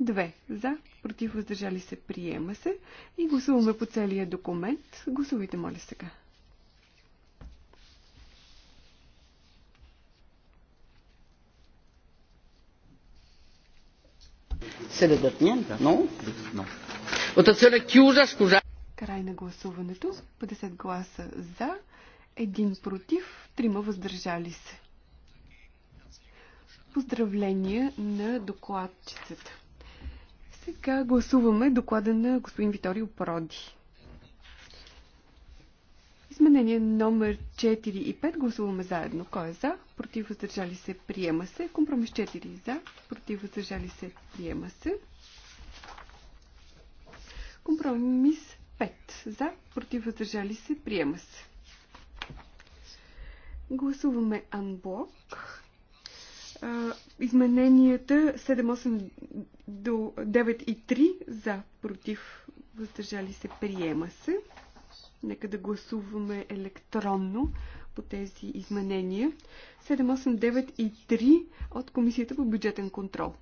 2. За, против, въздържали се, приема се. И гласуваме по целия документ. Гласувайте, моля сега. Се Но? Край на гласуването. 50 гласа за, 1 против, 3 въздържали се. Поздравления на докладчицата. Сега гласуваме доклада на господин Виторио Проди. Изменение номер 4 и 5 гласуваме заедно. Кой е за? Против въздържали се, приема се. Компромис 4 за, против въздържали се, приема се. Компромис 5 за, против въздържали се, приема се. Гласуваме анблок измененията 7, 8 до 9 и 3 за, против, въздържали се, приема се. Нека да гласуваме електронно по тези изменения. 7, 8, 9 и 3 от Комисията по бюджетен контрол.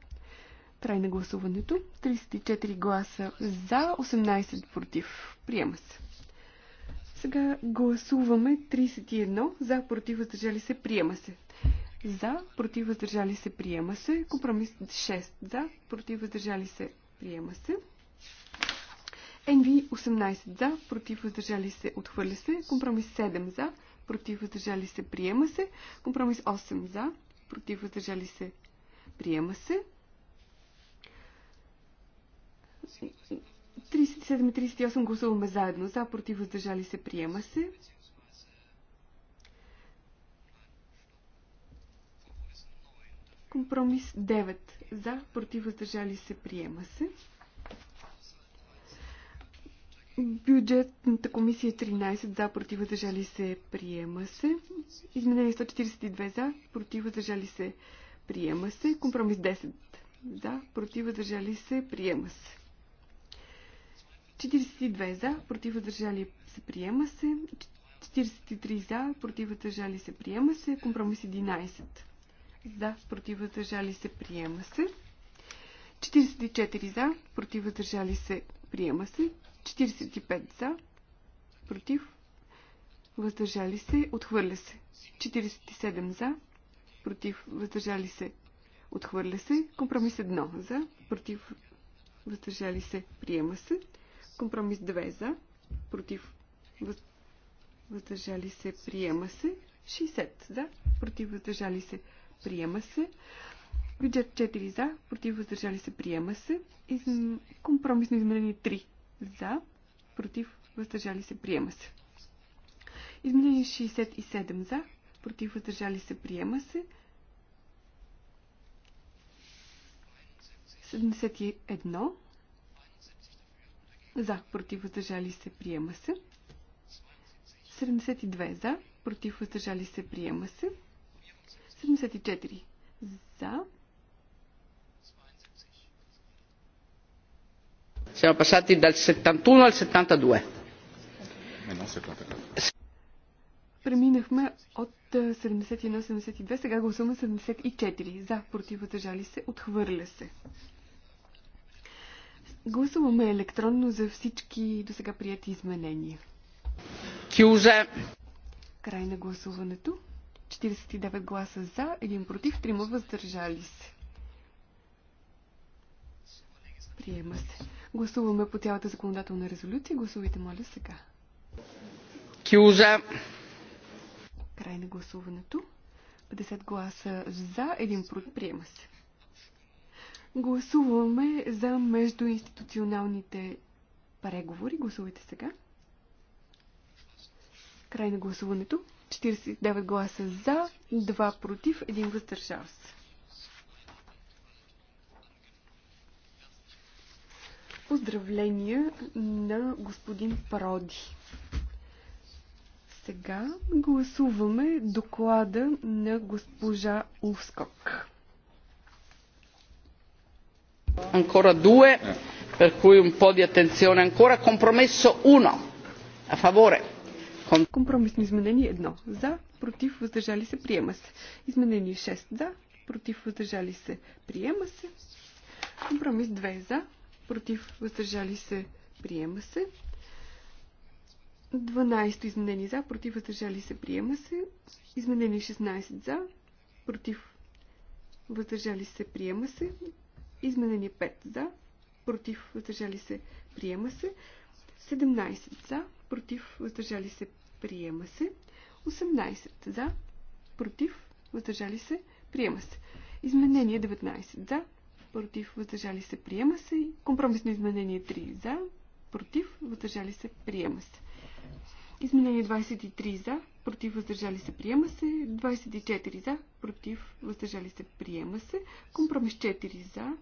Край на гласуването. 34 гласа за, 18 против. Приема се. Сега гласуваме 31 за, против, въздържали се, приема се за, против, въздържали се, приема се. Компромис 6 за, против, въздържали се, приема се. NV 18 за, против, въздържали се, отхвърля се. Компромис 7 за, против, въздържали се, приема се. Компромис 8 за, против, въздържали се, приема се. 37 и 38 гласуваме заедно. За, против, въздържали се, приема се. Компромис 9. За, против, въздържали се, приема се. Бюджетната комисия 13 е за, против, въздържали се, приема се. Изменение 142 за, против, въздържали се, приема се. Компромис 10 за, против, въздържали се, приема се. 42 за, против, въздържали се, приема се. 43 за, против, въздържали се, приема се. Компромис 11 за, против, въздържали се, приема се. 44 за, против, въздържали се, приема се. 45 за, против, въздържали се, отхвърля се. 47 за, против, въздържали се, отхвърля се. Компромис 1 за, против, въздържали се, приема се. Компромис 2 за, против, въздържали се, приема се. 60 за, против, въздържали се, приема се приема се. Бюджет 4 за, против въздържали се, приема се. Изм... Компромисно изменение 3 за, против въздържали се, приема се. Изменение 67 за, против въздържали се, приема се. 71 за, против въздържали се, приема се. 72 за, против въздържали се, приема се. 74 за. Siamo passati dal 71 al 72. Преминахме от 71-72, сега гласуваме 74. За, против, въздържали се, отхвърля се. Гласуваме електронно за всички до сега прияти изменения. Кюзе. Край на гласуването. 49 гласа за, 1 против, 3 въздържали се. Приема се. Гласуваме по цялата законодателна резолюция. Гласувайте, моля, сега. Кюжа. Край на гласуването. 50 гласа за, 1 против. Приема се. Гласуваме за междуинституционалните преговори. Гласувайте сега. Край на гласуването. 49 гласа за, 2 против, 1 въздържал се. Поздравления на господин Пароди. Сега гласуваме доклада на госпожа Ускок. Анкора две per cui un po' di attenzione ancora. Compromesso 1. A favore Компромисно изменение едно. За, против, въздържали се, приема се. Изменение 6. За, против, въздържали се, приема се. Компромис 2. За, против, въздържали се, приема се. 12 изменение за, против, въздържали се, приема се. Изменение 16 за, против, въздържали се, приема се. Изменение 5 за, против, въздържали се, приема се. 17 за, против, въздържали се, Приема се. 18 за. Против. Въздържали се. Приема се. Изменение 19 за. Против. Въздържали се. Приема се. Компромисно изменение 3 за. Против. Въздържали се. Приема се. Изменение 23 за. Против. Въздържали се. Приема се. 24 за. Против. Въздържали се. Приема се. Компромис 4 за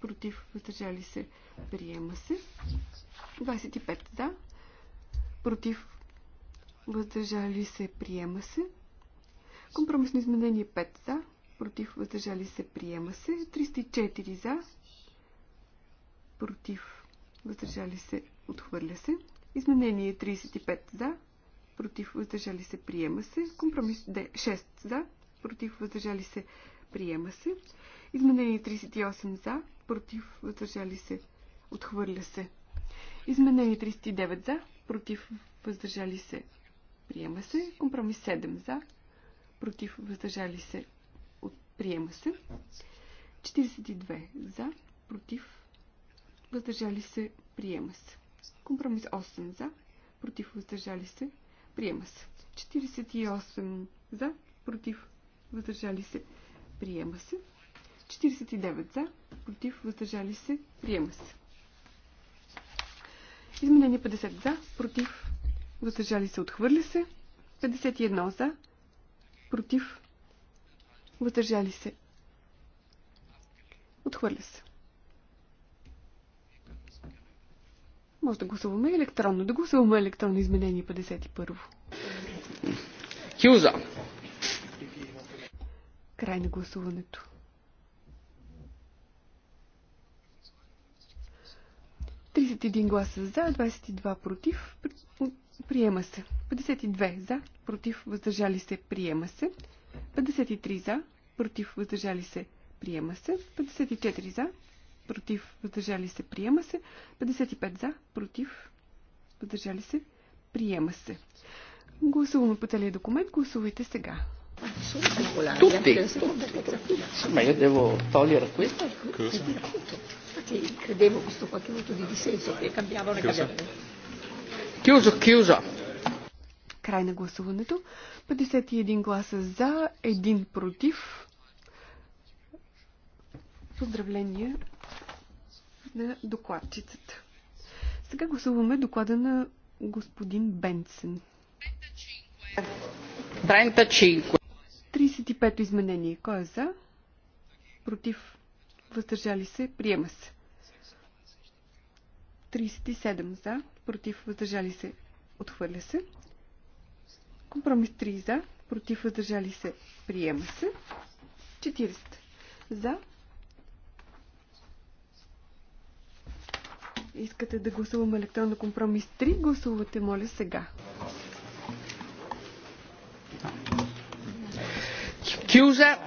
против, въздържали се, приема се. 25 за, против, въздържали се, приема се. Компромисно изменение 5 за, против, въздържали се, приема се. 304 за, против, въздържали се, отхвърля се. Изменение 35 за, против, въздържали се, приема се. Компромис 6 за, против, въздържали се, приема се. Изменение 38 за, против, въздържали се, отхвърля се. Изменение 39 за, против, въздържали се, Приема се. Компромис 7 за. Против. Въздържали се. От... Приема се. 42 за. Против. Въздържали се. Приема се. Компромис 8 за. Против. Въздържали се. Приема се. 48 за. Против. Въздържали се. Приема се. 49 за. Против. Въздържали се. Приема се. Изменение 50 за. Против въздържали се, отхвърля се. 51 за, против, въздържали се, отхвърля се. Може да гласуваме електронно. Да гласуваме електронно изменение 51. Хюза. Край на гласуването. един глас за, 22 против. Приема се. 52 за, против, въздържали се, приема се. 53 за, против, въздържали се, приема се. 54 за, против, въздържали се, приема се. 55 за, против, въздържали се, приема се. Гласуваме по целия документ. Гласувайте сега. Tutti, ma io devo togliere questo? Cosa? Credevo questo qualche voto di dissenso che cambiavano e cambiavano. Кюзо, Кюзо. Край на гласуването. 51 гласа за, 1 против. Поздравления на докладчицата. Сега гласуваме доклада на господин Бенсен. 35 изменение. Кой е за? Против. Въздържали се. Приема се. 37 за против, въздържали се, отхвърля се. Компромис 3 за, против, въздържали се, приема се. 40 за. Искате да гласуваме електронно компромис 3, гласувате, моля, сега. Кюза!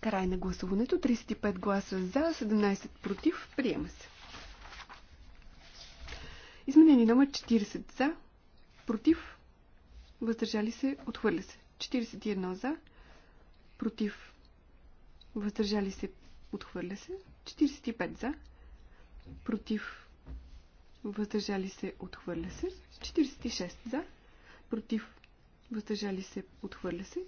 Край на гласуването. 35 гласа за, 17 против. Приема се. Изменение номер 40 за, против, въздържали се, отхвърля се. 41 за, против, въздържали се, отхвърля се. 45 за, против, въздържали се, отхвърля се. 46 за, против, въздържали се, отхвърля се.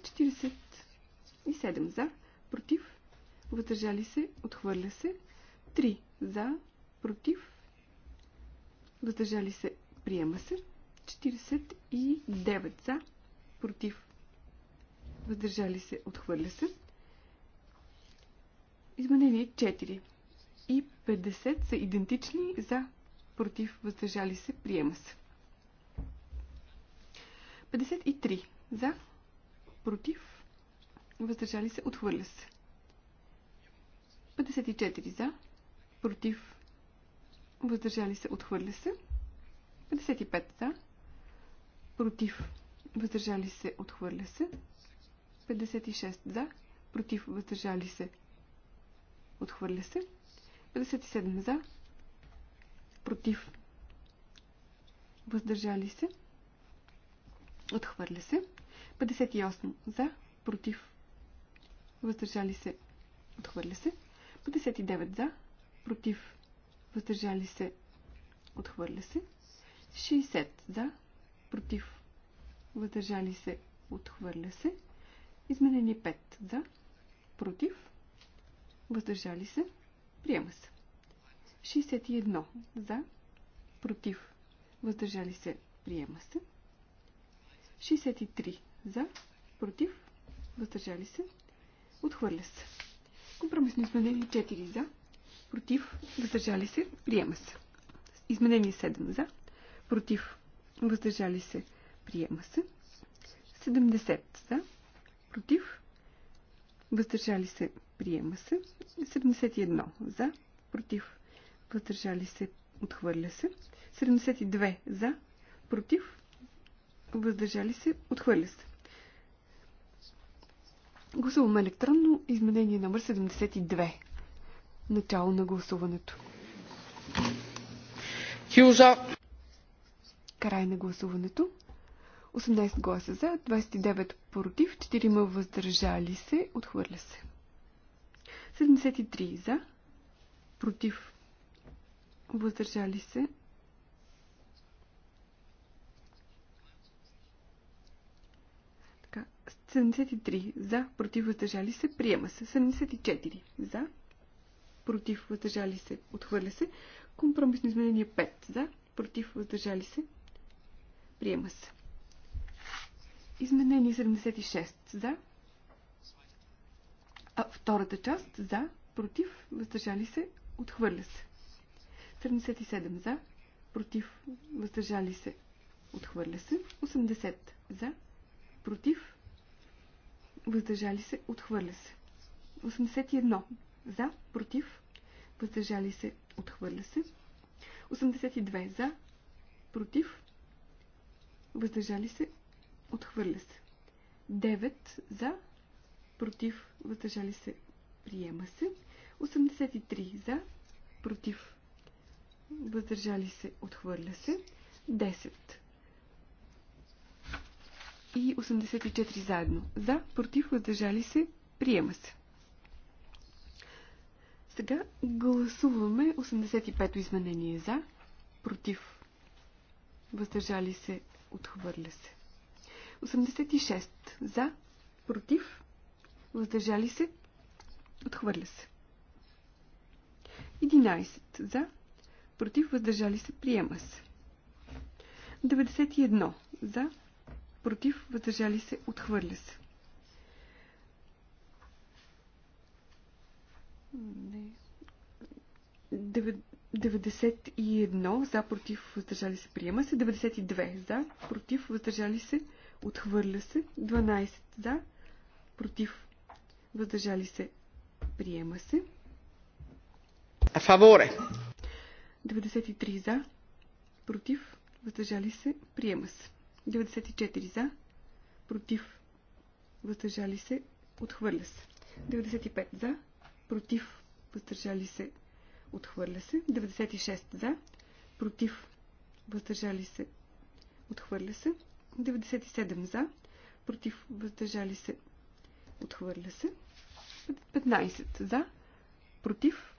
47 за, против, въздържали се, отхвърля се. 3 за, против, въздържали се, приема се. 49 за, против, въздържали се, отхвърля се. Изменение 4 и 50 са идентични за, против, въздържали се, приема се. 53 за, против, въздържали се, отхвърля се. 54 за, против, въздържали се, отхвърля се. 55 за, против, въздържали се, отхвърля се. 56 за, против, въздържали се, отхвърля се. 57 за, против, въздържали се, отхвърля се. 58 за, против, въздържали се, отхвърля се. 59 за, против, въздържали се, отхвърля се. 60 за, против, въздържали се, отхвърля се. Изменени 5 за, против, въздържали се, приема се. 61 за, против, въздържали се, приема се. 63 за, против, въздържали се, отхвърля се. Компромисно изменени 4 за, против, въздържали се, приема се. Изменение 7 за, против, въздържали се, приема се. 70 за, против, въздържали се, приема се. 71 за, против, въздържали се, отхвърля се. 72 за, против, въздържали се, отхвърля се. Гласуваме електронно изменение номер 72. Начало на гласуването. Кюжа. Край на гласуването. 18 гласа за, 29 против, 4 ма въздържали се, отхвърля се. 73 за, против, въздържали се. Така, 73 за, против, въздържали се, приема се. 74 за, против, въздържали се, отхвърля се. Компромисно изменение 5 за, против, въздържали се, приема се. Изменение 76 за, а втората част за, против, въздържали се, отхвърля се. 77 за, против, въздържали се, отхвърля се. 80 за, против, въздържали се, отхвърля се. 81 за, против, въздържали се, отхвърля се. 82 за, против, въздържали се, отхвърля се. 9 за, против, въздържали се, приема се. 83 за, против, въздържали се, отхвърля се. 10 и 84 заедно. За, против, въздържали се, приема се. Сега гласуваме 85-то изменение за, против, въздържали се, отхвърля се. 86 за, против, въздържали се, отхвърля се. 11 за, против, въздържали се, приема се. 91 за, против, въздържали се, отхвърля се. Не 91 за, против, въздържали се, приема се. 92 за, против, въздържали се, отхвърля се. 12 за, против, въздържали се, приема се. А фаворе. 93 за, против, въздържали се, приема се. 94 за, против, въздържали се, отхвърля се. 95 за, против, въздържали се, Отхвърля се. 96 за. Против. Въздържали се. Отхвърля се. 97 за. Против. Въздържали се. Отхвърля се. 15 за. Против.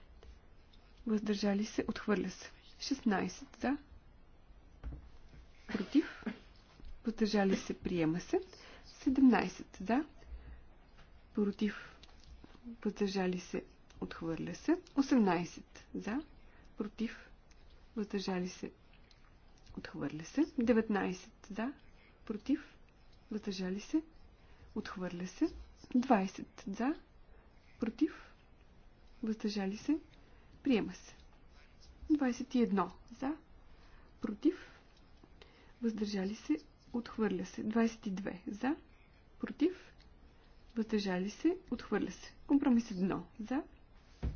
Въздържали се. Отхвърля се. 16 за. Против. Въздържали се. Приема се. 17 за. Против. Въздържали се. Отхвърля се. 18 за. Против. Въздържали се. Отхвърля се. 19 за. Против. Въздържали се. Отхвърля се. 20 за. Против. Въздържали се. Приема се. 21 за. Против. Въздържали се. Отхвърля се. 22 за. Против. Въздържали се. Отхвърля се. Компромис 1 за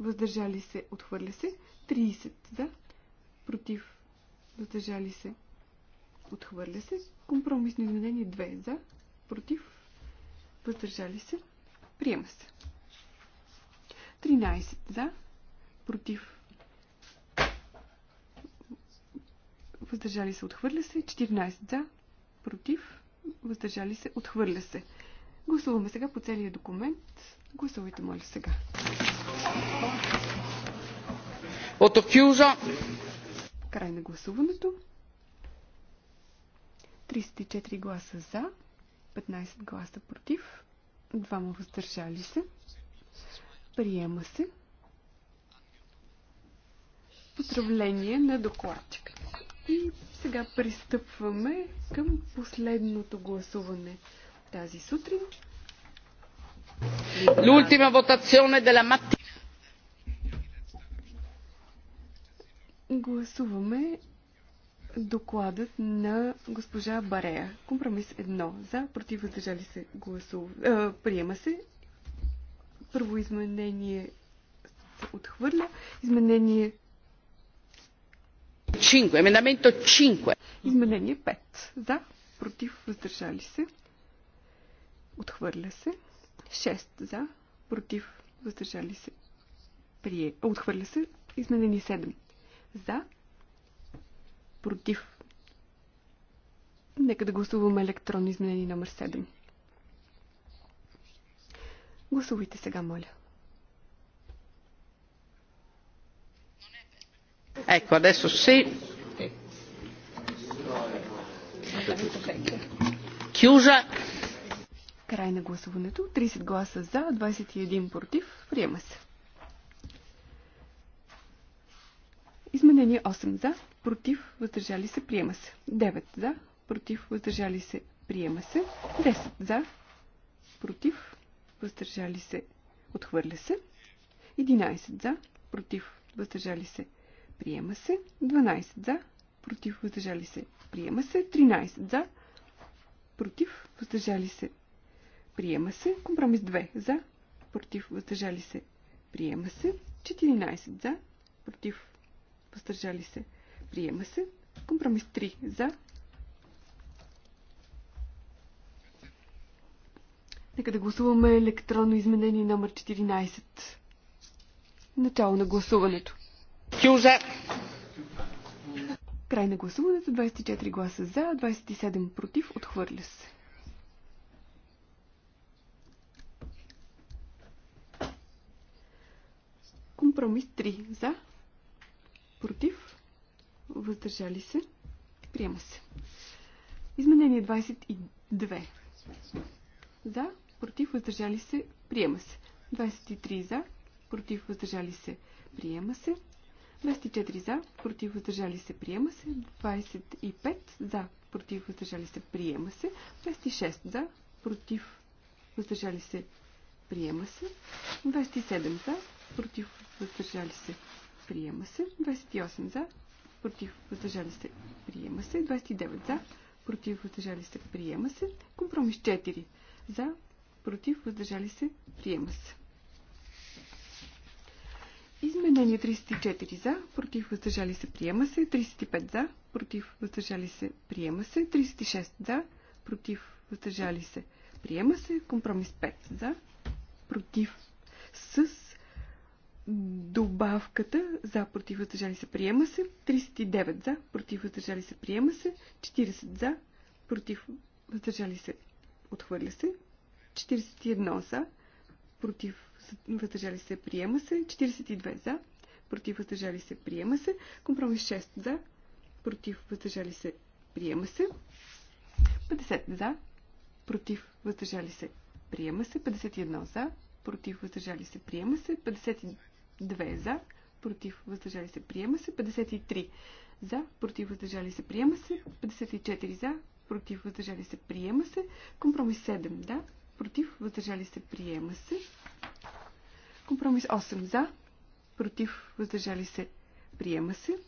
въздържали се, отхвърля се. 30 за, против, въздържали се, отхвърля се. Компромисно изменение 2 за, против, въздържали се, приема се. 13 за, против, въздържали се, отхвърля се. 14 за, против, въздържали се, отхвърля се. Гласуваме сега по целия документ. Гласувайте, моля, сега. Край на гласуването. 34 гласа за, 15 гласа против, 2 му въздържали се. Приема се. Поздравление на докладчика. И сега пристъпваме към последното гласуване тази сутрин. L'ultima votazione della mattina. Гласуваме докладът на госпожа Барея. Компромис 1. За, против, въздържали се, гласува. Е, приема се. Първо изменение се отхвърля. Изменение 5. Емендаменто 5. Изменение 5. За, против, въздържали се. Отхвърля се. 6. За, против, въздържали се. Прие... Отхвърля се. Изменени 7 за, против. Нека да гласуваме електронно изменение номер 7. Гласувайте сега, моля. Ecco, adesso sì. Chiusa. Край на гласуването. 30 гласа за, 21 против. Приема се. Изменение 8 за, против, въздържали се, приема се. 9 за, против, въздържали се, приема се. 10 за, против, въздържали се, отхвърля се. 11 за, против, въздържали се, приема се. 12 за, против, въздържали се, приема се. 13 за, против, въздържали се, приема се. Компромис 2 за, против, въздържали се, приема се. 14 за, против, въздържали се, приема се. Компромис 3 за. Нека да гласуваме електронно изменение номер 14. Начало на гласуването. Кюза. Край на гласуването. 24 гласа за, 27 против. Отхвърля се. Компромис 3 за. Против. Въздържали се. Приема се. Изменение 22. За. Против. Въздържали се. Приема се. 23 за. Против. Въздържали се. Приема се. 24 за. Против. Въздържали се. Приема се. 25 за. Против. Въздържали се. Приема се. 26 за. Против. Въздържали се. Приема се. 27 за. Против. Въздържали се приема се. 28 за, против, въздържали се, приема се. 29 за, против, въздържали се, приема се. Компромис 4 за, против, въздържали се, приема се. Изменение 34 за, против въздържали се, приема се. 35 за, против въздържали се, приема се. 36 за, против въздържали се, приема се. Компромис 5 за, против с добавката за против въздържали се приема се, 39 за против въздържали се приема се, 40 за против въздържали се отхвърля се, 41 за против въздържали се приема се, 42 за против въздържали се приема се, компромис 6 за против въздържали се приема се, 50 за против въздържали се приема се, 51 за против въздържали се приема се, 52 2 за, против, въздържали се, приема се. 53 за, против, въздържали се, приема се. 54 за, против, въздържали се, приема се. Компромис 7 да, против, въздържали се, приема се. Компромис 8 за, против, въздържали се, приема се.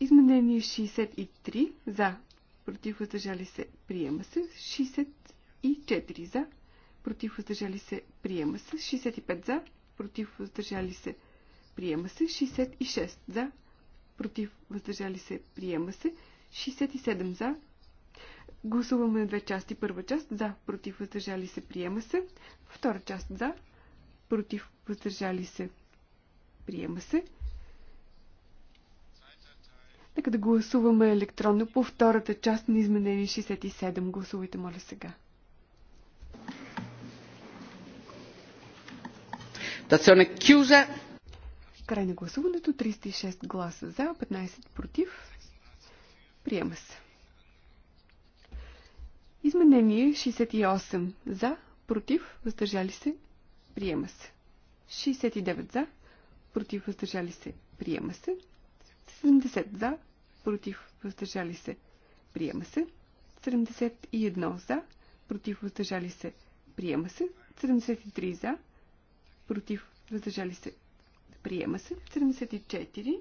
Изменение 63 за, против, въздържали се, приема се. 64 за, против, въздържали се, приема се. 65 за, против, въздържали се, приема се. 66 за, против, въздържали се, приема се. 67 за. Гласуваме на две части. Първа част за, против, въздържали се, приема се. Втора част за, против, въздържали се, приема се. Нека да гласуваме електронно по втората част на изменение 67. Гласувайте, моля, сега. Тационе Кюжа. Край на гласуването. 36 гласа за, 15 против. Приема се. Изменение 68 за, против, въздържали се, приема се. 69 за, против, въздържали се, приема се. 70 за, против, въздържали се, приема се. 71 за, против, въздържали се, приема се. 73 за, против, въздържали се, приема се. 74.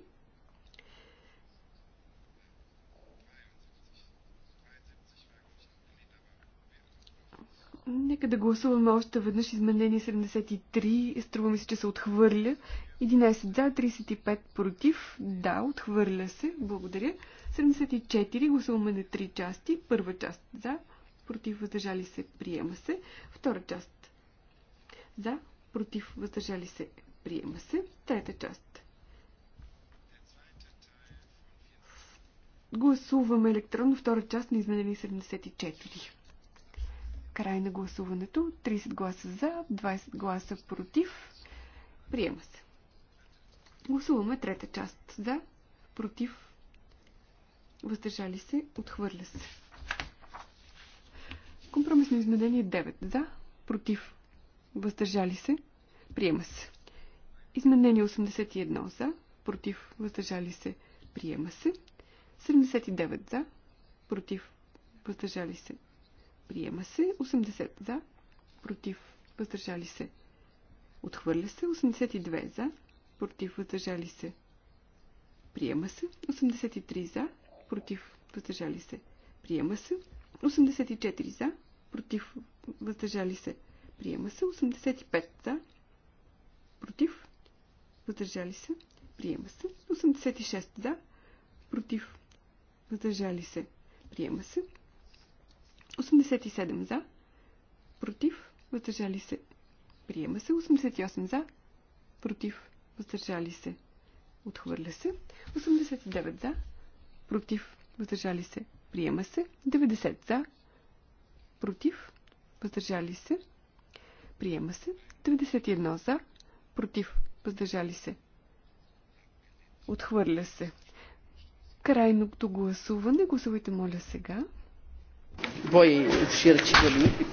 Нека да гласуваме още веднъж изменение 73. Струва ми се, че се отхвърля. 11 за, 35 против. Да, отхвърля се. Благодаря. 74. Гласуваме на 3 части. Първа част за, против, въздържали се, приема се. Втора част за, против, въздържали се, приема се. Трета част. Гласуваме електронно втора част на изменение 74. Край на гласуването. 30 гласа за, 20 гласа против. Приема се. Гласуваме трета част за, против, въздържали се, отхвърля се. Компромисно изменение 9 за, против, въздържали се, приема се. Изменение 81 за, против, въздържали се, приема се. 79 за, против, въздържали се, приема се. 80 за, против, въздържали се, отхвърля се. 82 за, против, въздържали се, приема се. 83 за, против, въздържали се, приема се. 84 за, против, въздържали се, приема се. Приема се. 85 за. Против. Въздържали се. Приема се. 86 за. Против. Въздържали се. Приема се. 87 за. Против. Въздържали се. Приема се. 88 за. Против. Въздържали се. Отхвърля се. 89 за. Против. Въздържали се. Приема се. 90 за. Против. Въздържали се. Приема се. 91 за. Против. Въздържали се. Отхвърля се. Крайното гласуване. Гласувайте, моля, сега. Бой uscire 5 minuti?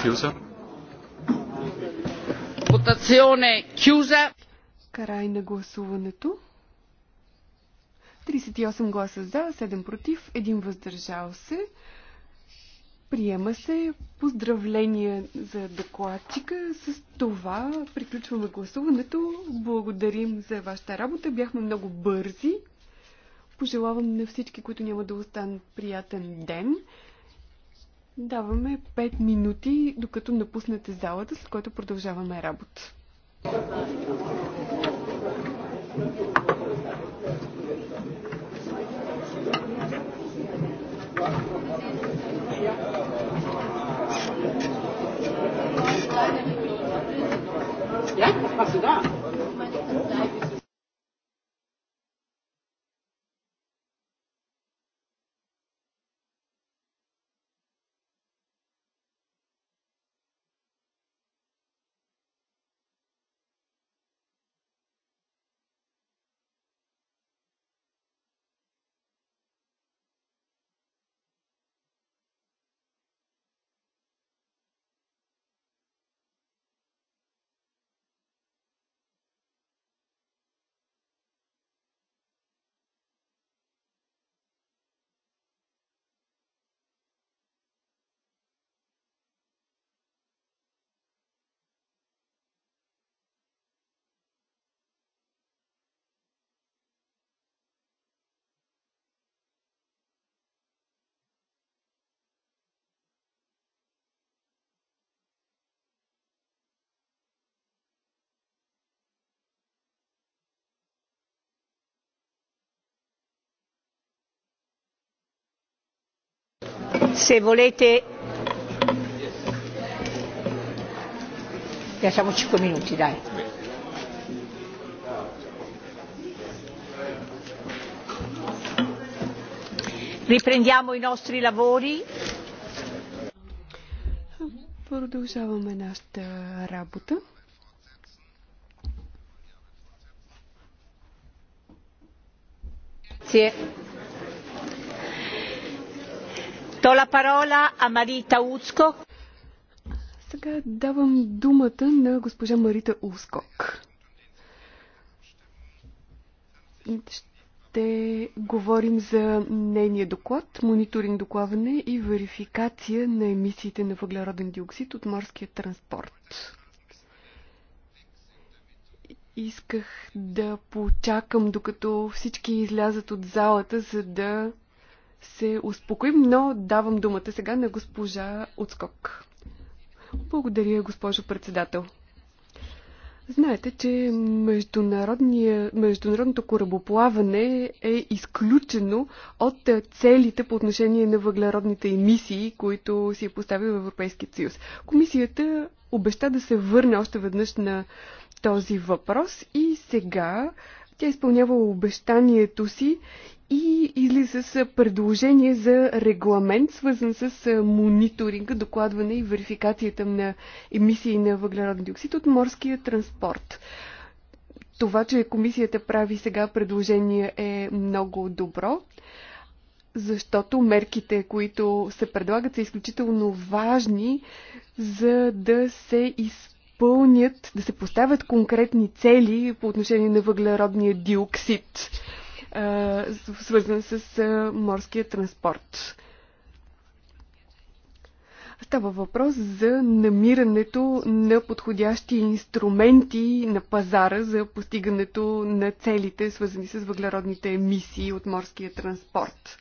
Chiusa. Votazione Край на гласуването. 38 гласа за, 7 против, 1 въздържал се. Приема се поздравление за докладчика. С това приключваме гласуването. Благодарим за вашата работа. Бяхме много бързи. Пожелавам на всички, които няма да останат приятен ден. Даваме 5 минути, докато напуснете залата, с което продължаваме работа. Ja, was machst du da? se volete lasciamo cinque minuti dai riprendiamo i nostri lavori Продължаваме нашата работа. Grazie. Сега давам думата на госпожа Марита Ускок. Ще говорим за нейния доклад, мониторинг доклаване и верификация на емисиите на въглероден диоксид от морския транспорт исках да почакам, докато всички излязат от залата, за да се успокоим, но давам думата сега на госпожа Отскок. Благодаря, госпожо председател. Знаете, че международното корабоплаване е изключено от целите по отношение на въглеродните емисии, които си е поставил Европейският съюз. Комисията обеща да се върне още веднъж на този въпрос и сега тя изпълнява обещанието си и или с предложение за регламент, свързан с мониторинга, докладване и верификацията на емисии на въглероден диоксид от морския транспорт. Това, че комисията прави сега предложение е много добро, защото мерките, които се предлагат, са изключително важни, за да се изпълнят, да се поставят конкретни цели по отношение на въглеродния диоксид свързан с морския транспорт. Става въпрос за намирането на подходящи инструменти на пазара за постигането на целите, свързани с въглеродните емисии от морския транспорт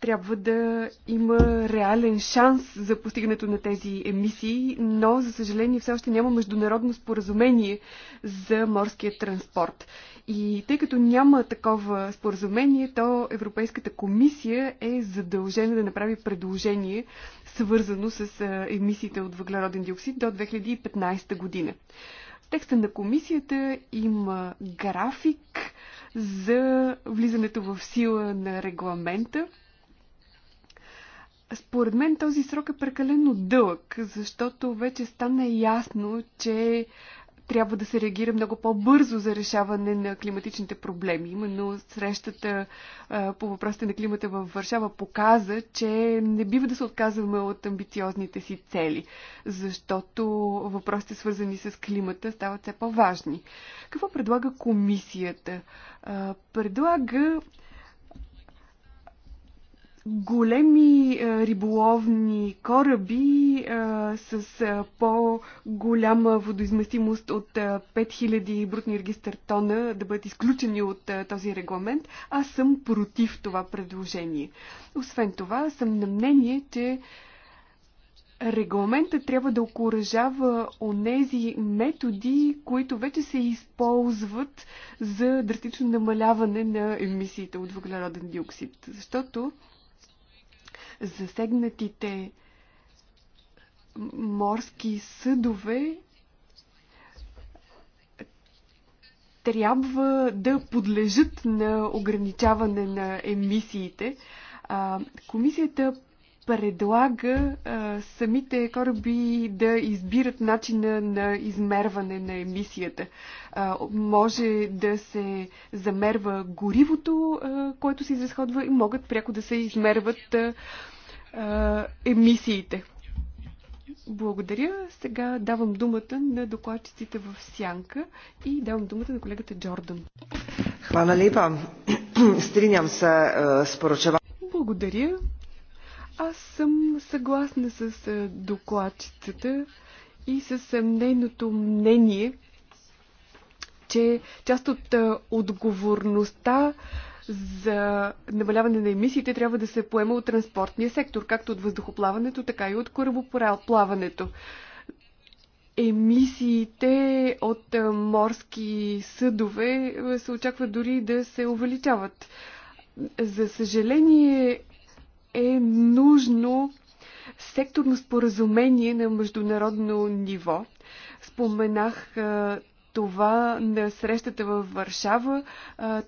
трябва да има реален шанс за постигането на тези емисии, но за съжаление все още няма международно споразумение за морския транспорт. И тъй като няма такова споразумение, то Европейската комисия е задължена да направи предложение, свързано с емисиите от въглероден диоксид до 2015 година. В текста на комисията има график за влизането в сила на регламента, според мен този срок е прекалено дълъг, защото вече стана ясно, че трябва да се реагира много по-бързо за решаване на климатичните проблеми. Именно срещата по въпросите на климата във Варшава показа, че не бива да се отказваме от амбициозните си цели, защото въпросите свързани с климата стават все по-важни. Какво предлага комисията? Предлага големи е, риболовни кораби е, с е, по-голяма водоизместимост от 5000 брутни регистър тона да бъдат изключени от този регламент. Аз съм против това предложение. Освен това, съм на мнение, че регламента трябва да окоръжава онези методи, които вече се използват за драстично намаляване на емисиите от въглероден диоксид. Защото засегнатите морски съдове трябва да подлежат на ограничаване на емисиите. Комисията предлага а, самите кораби да избират начина на измерване на емисията. А, може да се замерва горивото, а, което се изразходва и могат пряко да се измерват а, а, емисиите. Благодаря. Сега давам думата на докладчиците в Сянка и давам думата на колегата Джордан. Хвана липа. Стриням се с поручева. Благодаря. Аз съм съгласна с докладчицата и с нейното мнение, че част от отговорността за намаляване на емисиите трябва да се поема от транспортния сектор, както от въздухоплаването, така и от корабоплаването. Емисиите от морски съдове се очаква дори да се увеличават. За съжаление, е нужно секторно споразумение на международно ниво. Споменах това на срещата във Варшава.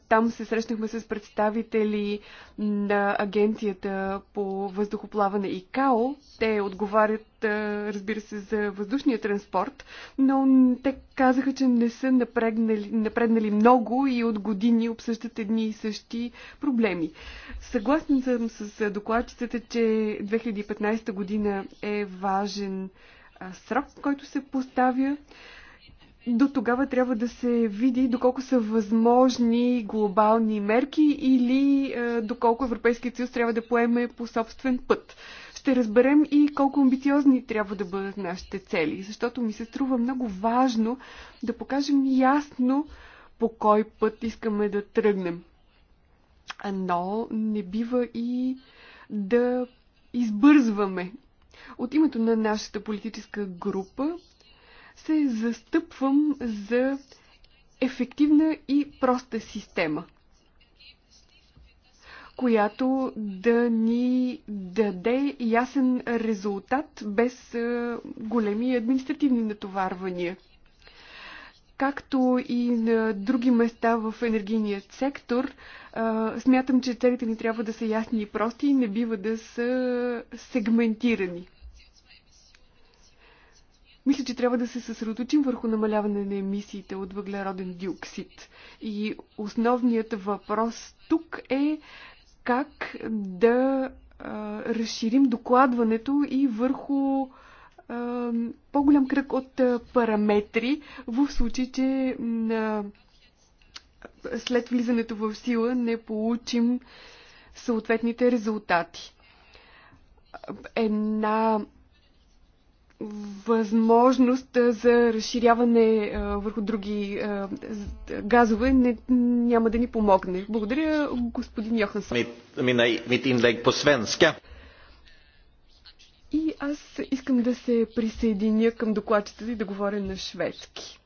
Там се срещнахме с представители на агенцията по въздухоплаване и КАО. Те отговарят, разбира се, за въздушния транспорт, но те казаха, че не са напрегнали напреднали много и от години обсъщат едни и същи проблеми. Съгласен съм с докладчицата, че 2015 година е важен срок, който се поставя до тогава трябва да се види доколко са възможни глобални мерки или е, доколко Европейският съюз трябва да поеме по собствен път. Ще разберем и колко амбициозни трябва да бъдат нашите цели, защото ми се струва много важно да покажем ясно по кой път искаме да тръгнем. Но не бива и да избързваме. От името на нашата политическа група се застъпвам за ефективна и проста система, която да ни даде ясен резултат без е, големи административни натоварвания. Както и на други места в енергийния сектор, е, смятам, че целите ни трябва да са ясни и прости и не бива да са сегментирани. Мисля, че трябва да се съсредоточим върху намаляване на емисиите от въглероден диоксид. И основният въпрос тук е как да а, разширим докладването и върху по-голям кръг от параметри в случай, че а, след влизането в сила не получим съответните резултати. Една възможност за разширяване върху други газове не, няма да ни помогне. Благодаря, господин Йохансон. Мит инлег по свенска. И аз искам да се присъединя към докладчета и да говоря на шведски.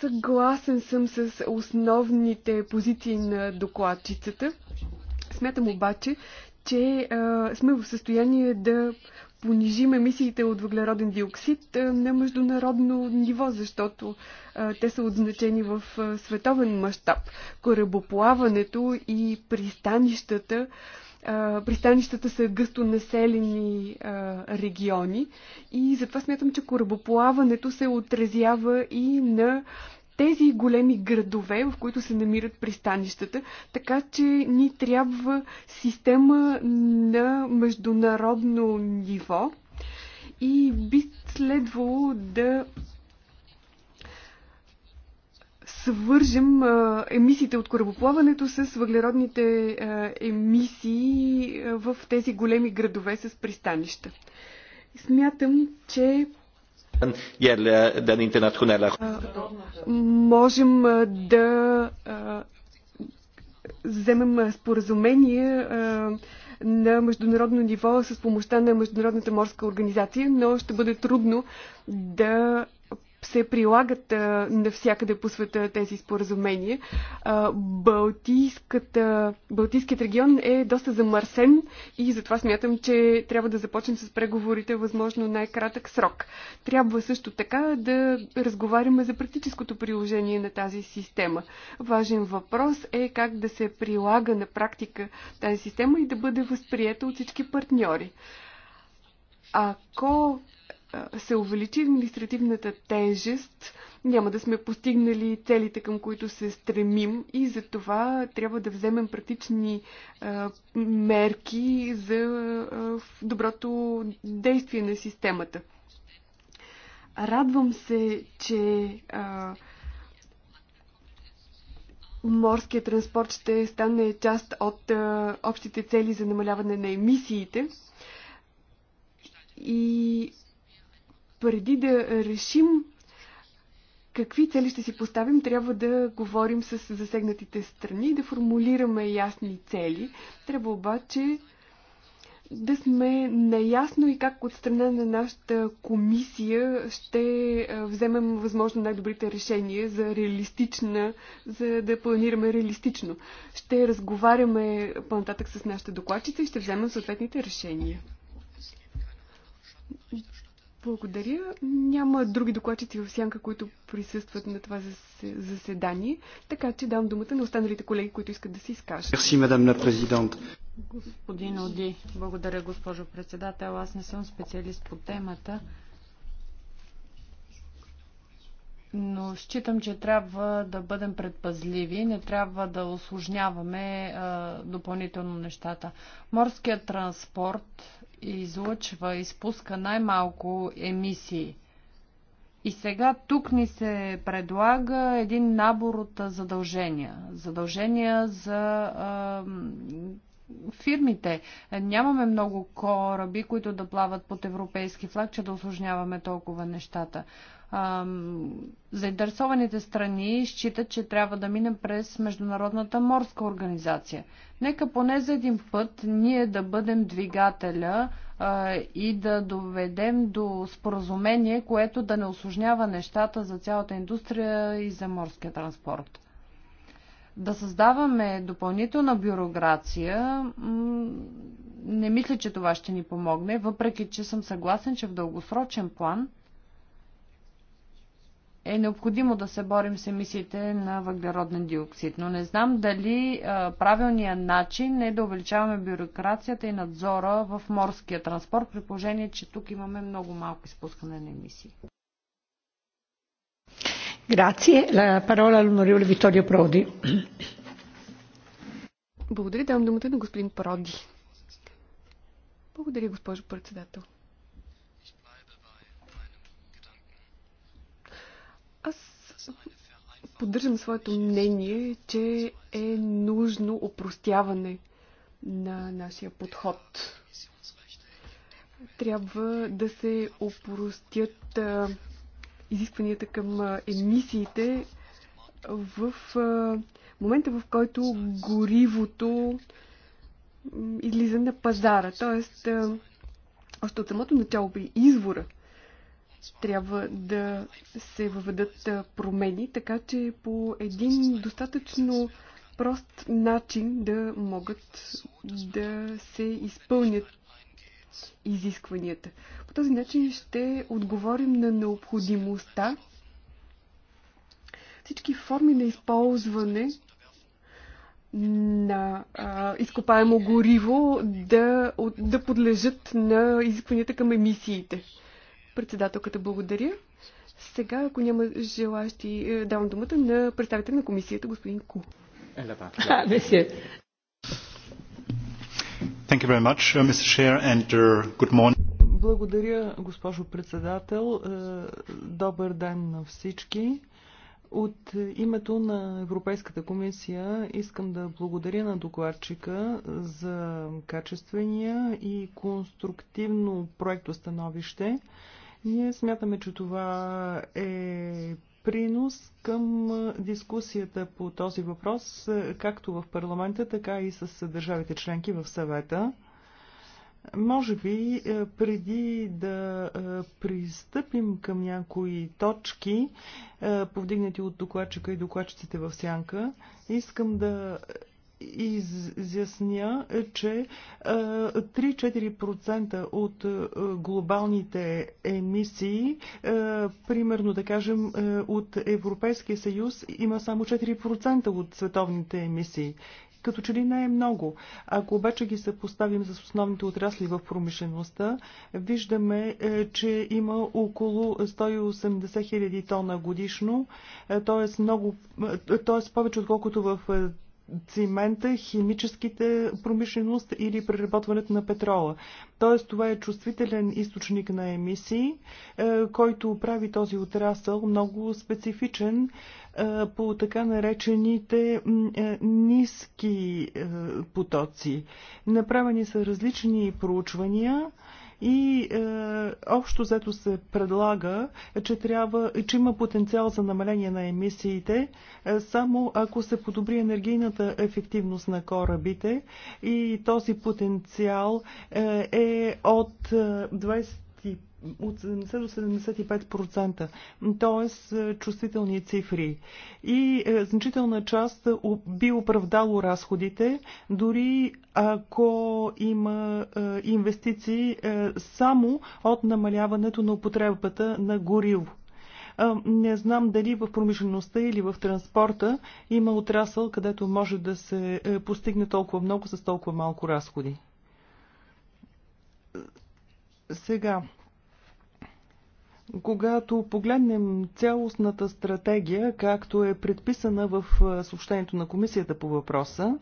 Съгласен съм с основните позиции на докладчицата. Смятам обаче, че а, сме в състояние да понижим емисиите от въглероден диоксид а, на международно ниво, защото а, те са отзначени в а, световен мащаб. Корабоплаването и пристанищата пристанищата са гъсто населени региони и затова смятам, че корабоплаването се отразява и на тези големи градове, в които се намират пристанищата, така че ни трябва система на международно ниво и би следвало да свържем а, емисиите от корабоплаването с въглеродните а, емисии в тези големи градове с пристанища. Смятам, че Можем да вземем споразумение на международно ниво с помощта на Международната морска организация, но ще бъде трудно да се прилагат а, навсякъде по света тези споразумения. А, Балтийската, Балтийският регион е доста замърсен и затова смятам, че трябва да започнем с преговорите възможно най-кратък срок. Трябва също така да разговаряме за практическото приложение на тази система. Важен въпрос е как да се прилага на практика тази система и да бъде възприета от всички партньори. Ако се увеличи административната тежест, няма да сме постигнали целите, към които се стремим и за това трябва да вземем практични а, мерки за а, доброто действие на системата. Радвам се, че а, морският транспорт ще стане част от а, общите цели за намаляване на емисиите и преди да решим какви цели ще си поставим, трябва да говорим с засегнатите страни, да формулираме ясни цели. Трябва обаче да сме наясно и как от страна на нашата комисия ще вземем възможно най-добрите решения за реалистична, за да планираме реалистично. Ще разговаряме по-нататък с нашите докладчица и ще вземем съответните решения. Благодаря. Няма други докладчици в сянка, които присъстват на това заседание, така че дам думата на останалите колеги, които искат да се изкажат. Мерси, мадам на президент. Господин Оди, благодаря, госпожо председател. Аз не съм специалист по темата, но считам, че трябва да бъдем предпазливи, не трябва да осложняваме допълнително нещата. Морският транспорт излъчва, изпуска най-малко емисии. И сега тук ни се предлага един набор от задължения. Задължения за а, фирмите. Нямаме много кораби, които да плават под европейски флаг, че да осложняваме толкова нещата заинтересованите страни считат, че трябва да минем през Международната морска организация. Нека поне за един път ние да бъдем двигателя а, и да доведем до споразумение, което да не осложнява нещата за цялата индустрия и за морския транспорт. Да създаваме допълнителна бюрокрация, не мисля, че това ще ни помогне, въпреки че съм съгласен, че в дългосрочен план е необходимо да се борим с емисиите на въглероден диоксид. Но не знам дали правилният начин е да увеличаваме бюрокрацията и надзора в морския транспорт, при положение, че тук имаме много малко изпускане на емисии. Грация. La parola all'onorevole Vittorio Prodi. Благодаря. Давам думата на господин Проди. Благодаря, госпожо председател. поддържам своето мнение, че е нужно опростяване на нашия подход. Трябва да се опростят изискванията към емисиите в момента, в който горивото излиза на пазара. Тоест, още от самото начало при извора трябва да се въведат промени, така че по един достатъчно прост начин да могат да се изпълнят изискванията. По този начин ще отговорим на необходимостта всички форми на използване на а, изкопаемо гориво да, да подлежат на изискванията към емисиите. Председателката благодаря. Сега, ако няма желащи, е, давам думата на представител на комисията, господин Ку. Thank you very much, uh, Mr. Chair, and uh, good morning. Благодаря, госпожо председател. Е, добър ден на всички. От името на Европейската комисия искам да благодаря на докладчика за качествения и конструктивно проекто становище. Ние смятаме, че това е принос към дискусията по този въпрос, както в парламента, така и с държавите членки в съвета. Може би е, преди да е, пристъпим към някои точки, е, повдигнати от докладчика и докладчиците в сянка, искам да изясня, е, че 3-4% от глобалните емисии, примерно да кажем от Европейския съюз, има само 4% от световните емисии като че ли не е много. Ако обаче ги съпоставим с основните отрасли в промишлеността, виждаме, е, че има около 180 хиляди тона годишно, т.е. Много, т.е. повече отколкото в е, цимента, химическите промишленост или преработването на петрола. Тоест това е чувствителен източник на емисии, е, който прави този отрасъл много специфичен е, по така наречените е, ниски потоци. Направени са различни проучвания и е, общо взето се предлага, че, трябва, че има потенциал за намаление на емисиите, е, само ако се подобри енергийната ефективност на корабите и този потенциал е, е от 20 е, от 70 до 75%, т.е. чувствителни цифри. И е, значителна част е, би оправдало разходите, дори ако има е, инвестиции е, само от намаляването на употребата на гориво. Е, не знам дали в промишлеността или в транспорта има отрасъл, където може да се е, постигне толкова много с толкова малко разходи. Сега, когато погледнем цялостната стратегия, както е предписана в съобщението на комисията по въпроса,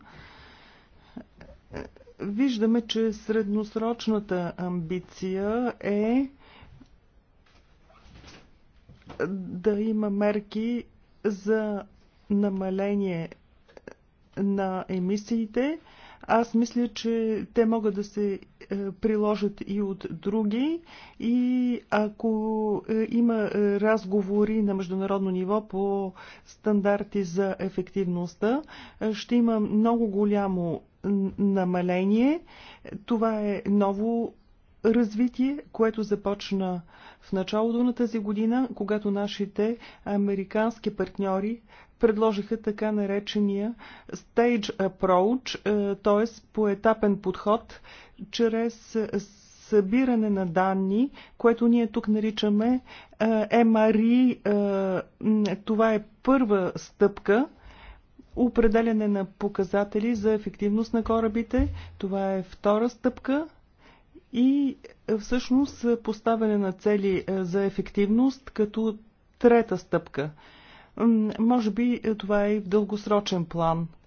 виждаме, че средносрочната амбиция е да има мерки за намаление на емисиите. Аз мисля, че те могат да се е, приложат и от други. И ако е, има е, разговори на международно ниво по стандарти за ефективността, ще има много голямо намаление. Това е ново развитие, което започна в началото на тази година, когато нашите американски партньори предложиха така наречения stage approach, т.е. поетапен подход чрез събиране на данни, което ние тук наричаме е, МРИ. Е, това е първа стъпка определяне на показатели за ефективност на корабите. Това е втора стъпка и е, всъщност поставяне на цели за ефективност като трета стъпка. Може би това е и в дългосрочен план –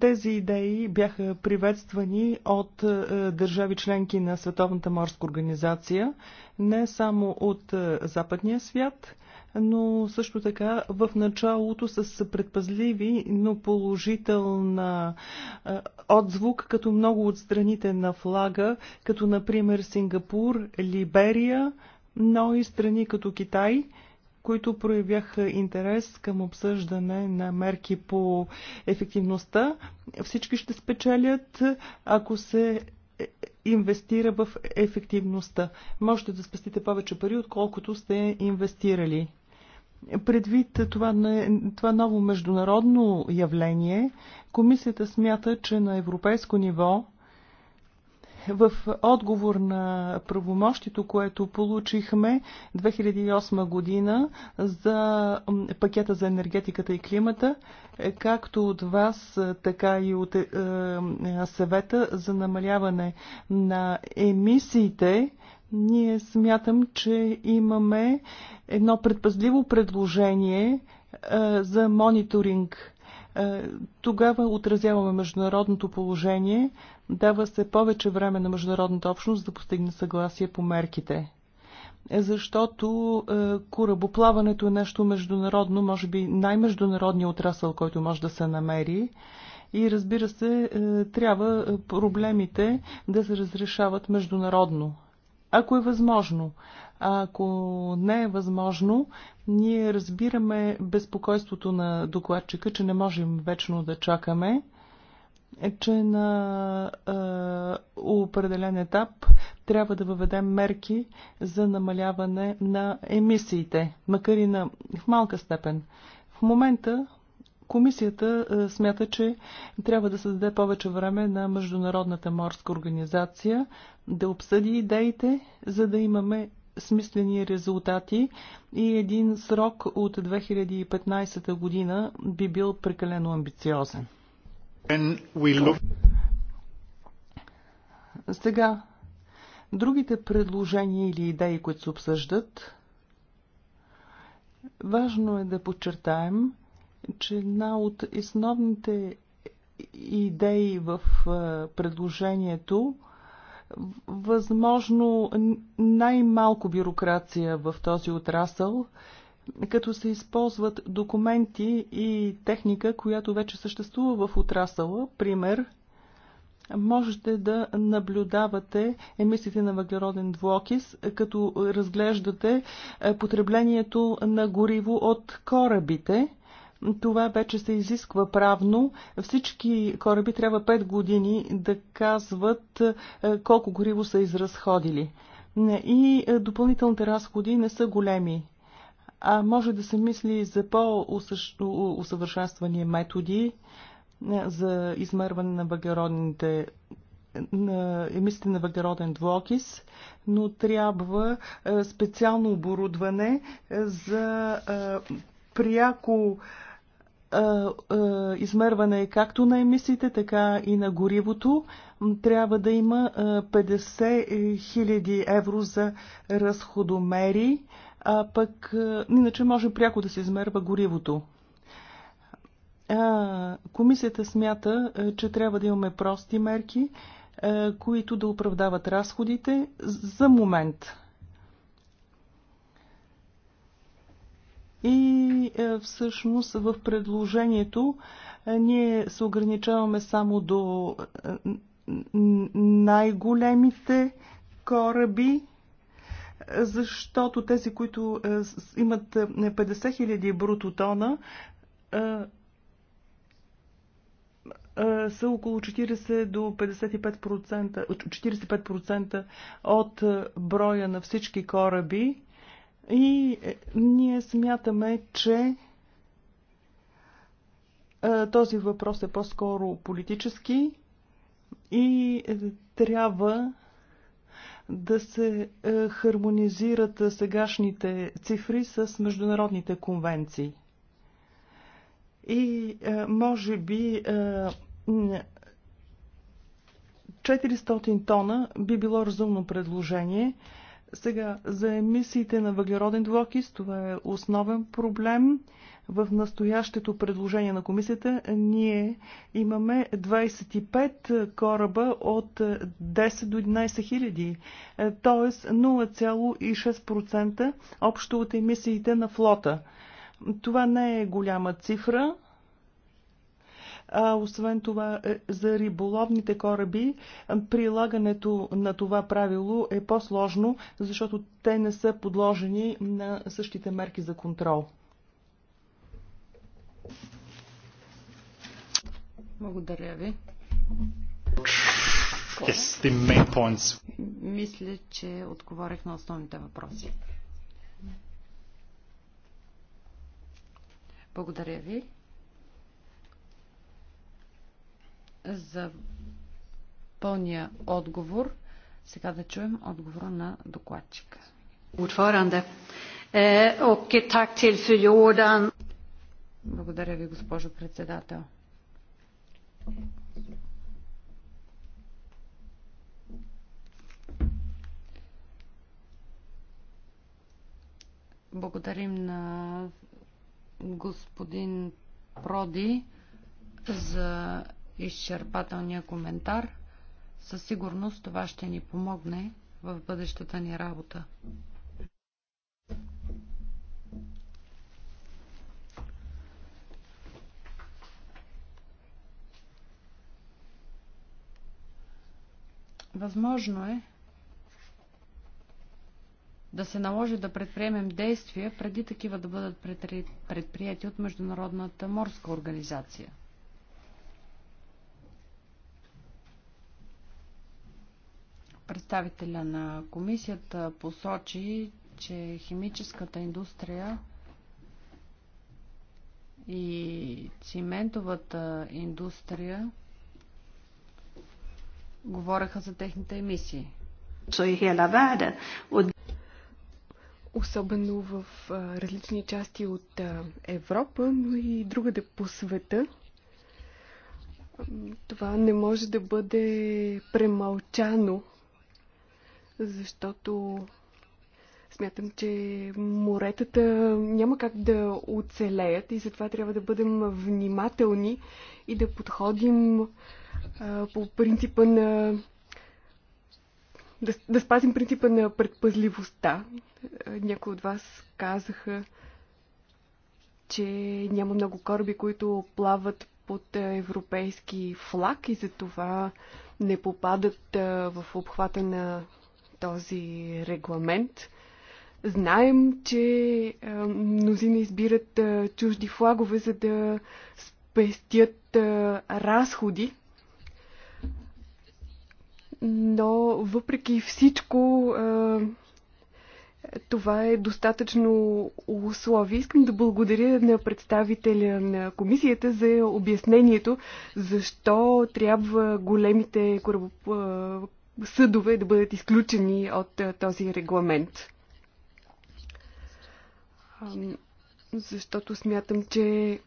тези идеи бяха приветствани от е, държави членки на Световната морска организация, не само от е, западния свят, но също така в началото с предпазливи, но положителна е, отзвук, като много от страните на флага, като например Сингапур, Либерия, но и страни като Китай – които проявяха интерес към обсъждане на мерки по ефективността. Всички ще спечелят, ако се е, е, инвестира в ефективността. Можете да спестите повече пари, отколкото сте инвестирали. Предвид това, това ново международно явление, комисията смята, че на европейско ниво в отговор на правомощито, което получихме 2008 година за пакета за енергетиката и климата, е, както от вас, е, така и от е, съвета за намаляване на емисиите, ние смятам, че имаме едно предпазливо предложение за мониторинг е, тогава отразяваме международното положение, дава се повече време на международната общност да постигне съгласие по мерките. Е, защото е, корабоплаването е нещо международно, може би най-международният отрасъл, който може да се намери. И разбира се, трябва проблемите да се разрешават международно, ако е възможно. Ако не е възможно, ние разбираме безпокойството на докладчика, че не можем вечно да чакаме е, че на е, определен етап трябва да въведем мерки за намаляване на емисиите, макар и на, в малка степен. В момента комисията е, смята, че трябва да се даде повече време на Международната морска организация да обсъди идеите, за да имаме смислени резултати и един срок от 2015 година би бил прекалено амбициозен. Look... Сега, другите предложения или идеи, които се обсъждат, важно е да подчертаем, че една от основните идеи в предложението е възможно най-малко бюрокрация в този отрасъл, като се използват документи и техника, която вече съществува в отрасъла. Пример, можете да наблюдавате емисиите на въглероден двуокис, като разглеждате потреблението на гориво от корабите това вече се изисква правно. Всички кораби трябва 5 години да казват е, колко гориво са изразходили. И е, допълнителните разходи не са големи. А може да се мисли за по-усъвършенствани методи е, за измерване на въглеродните на емисите на въглероден двуокис, но трябва специално оборудване за пряко е, е, измерване както на емисиите, така и на горивото. Трябва да има 50 е, 000 евро за разходомери, а пък иначе може пряко да се измерва горивото. Комисията смята, че трябва да имаме прости мерки, които да оправдават разходите за момент. и е, всъщност в предложението е, ние се ограничаваме само до е, най-големите кораби, защото тези, които имат 50 000 брутотона, са около 40 до 55%, 45% от броя на всички кораби и е, ние смятаме, че е, този въпрос е по-скоро политически и е, трябва да се хармонизират сегашните цифри с международните конвенции. И може би 400 тона би било разумно предложение – сега, за емисиите на въглероден двуокис, това е основен проблем. В настоящето предложение на комисията ние имаме 25 кораба от 10 до 11 хиляди, т.е. 0,6% общо от емисиите на флота. Това не е голяма цифра, а освен това, е, за риболовните кораби е, прилагането на това правило е по-сложно, защото те не са подложени на същите мерки за контрол. Благодаря ви. Yes, the main points. Мисля, че отговорих на основните въпроси. Благодаря ви. за пълния отговор. Сега да чуем отговора на докладчика. Ordförande. Окей, eh, так till Jordan. Благодаря ви, госпожо председател. Благодарим на господин Проди за изчерпателния коментар. Със сигурност това ще ни помогне в бъдещата ни работа. Възможно е да се наложи да предприемем действия преди такива да бъдат предприяти от Международната морска организация – Представителя на комисията посочи, че химическата индустрия и циментовата индустрия говореха за техните емисии. Особено в различни части от Европа, но и другаде по света. Това не може да бъде премълчано защото смятам, че моретата няма как да оцелеят и затова трябва да бъдем внимателни и да подходим а, по принципа на. Да, да спазим принципа на предпазливостта. Някои от вас казаха, че няма много кораби, които плават под европейски флаг и затова не попадат в обхвата на този регламент. Знаем, че мнозина избират чужди флагове, за да спестят разходи. Но въпреки всичко, това е достатъчно условие. Искам да благодаря на представителя на комисията за обяснението, защо трябва големите кораб съдове да бъдат изключени от този регламент. Защото смятам, че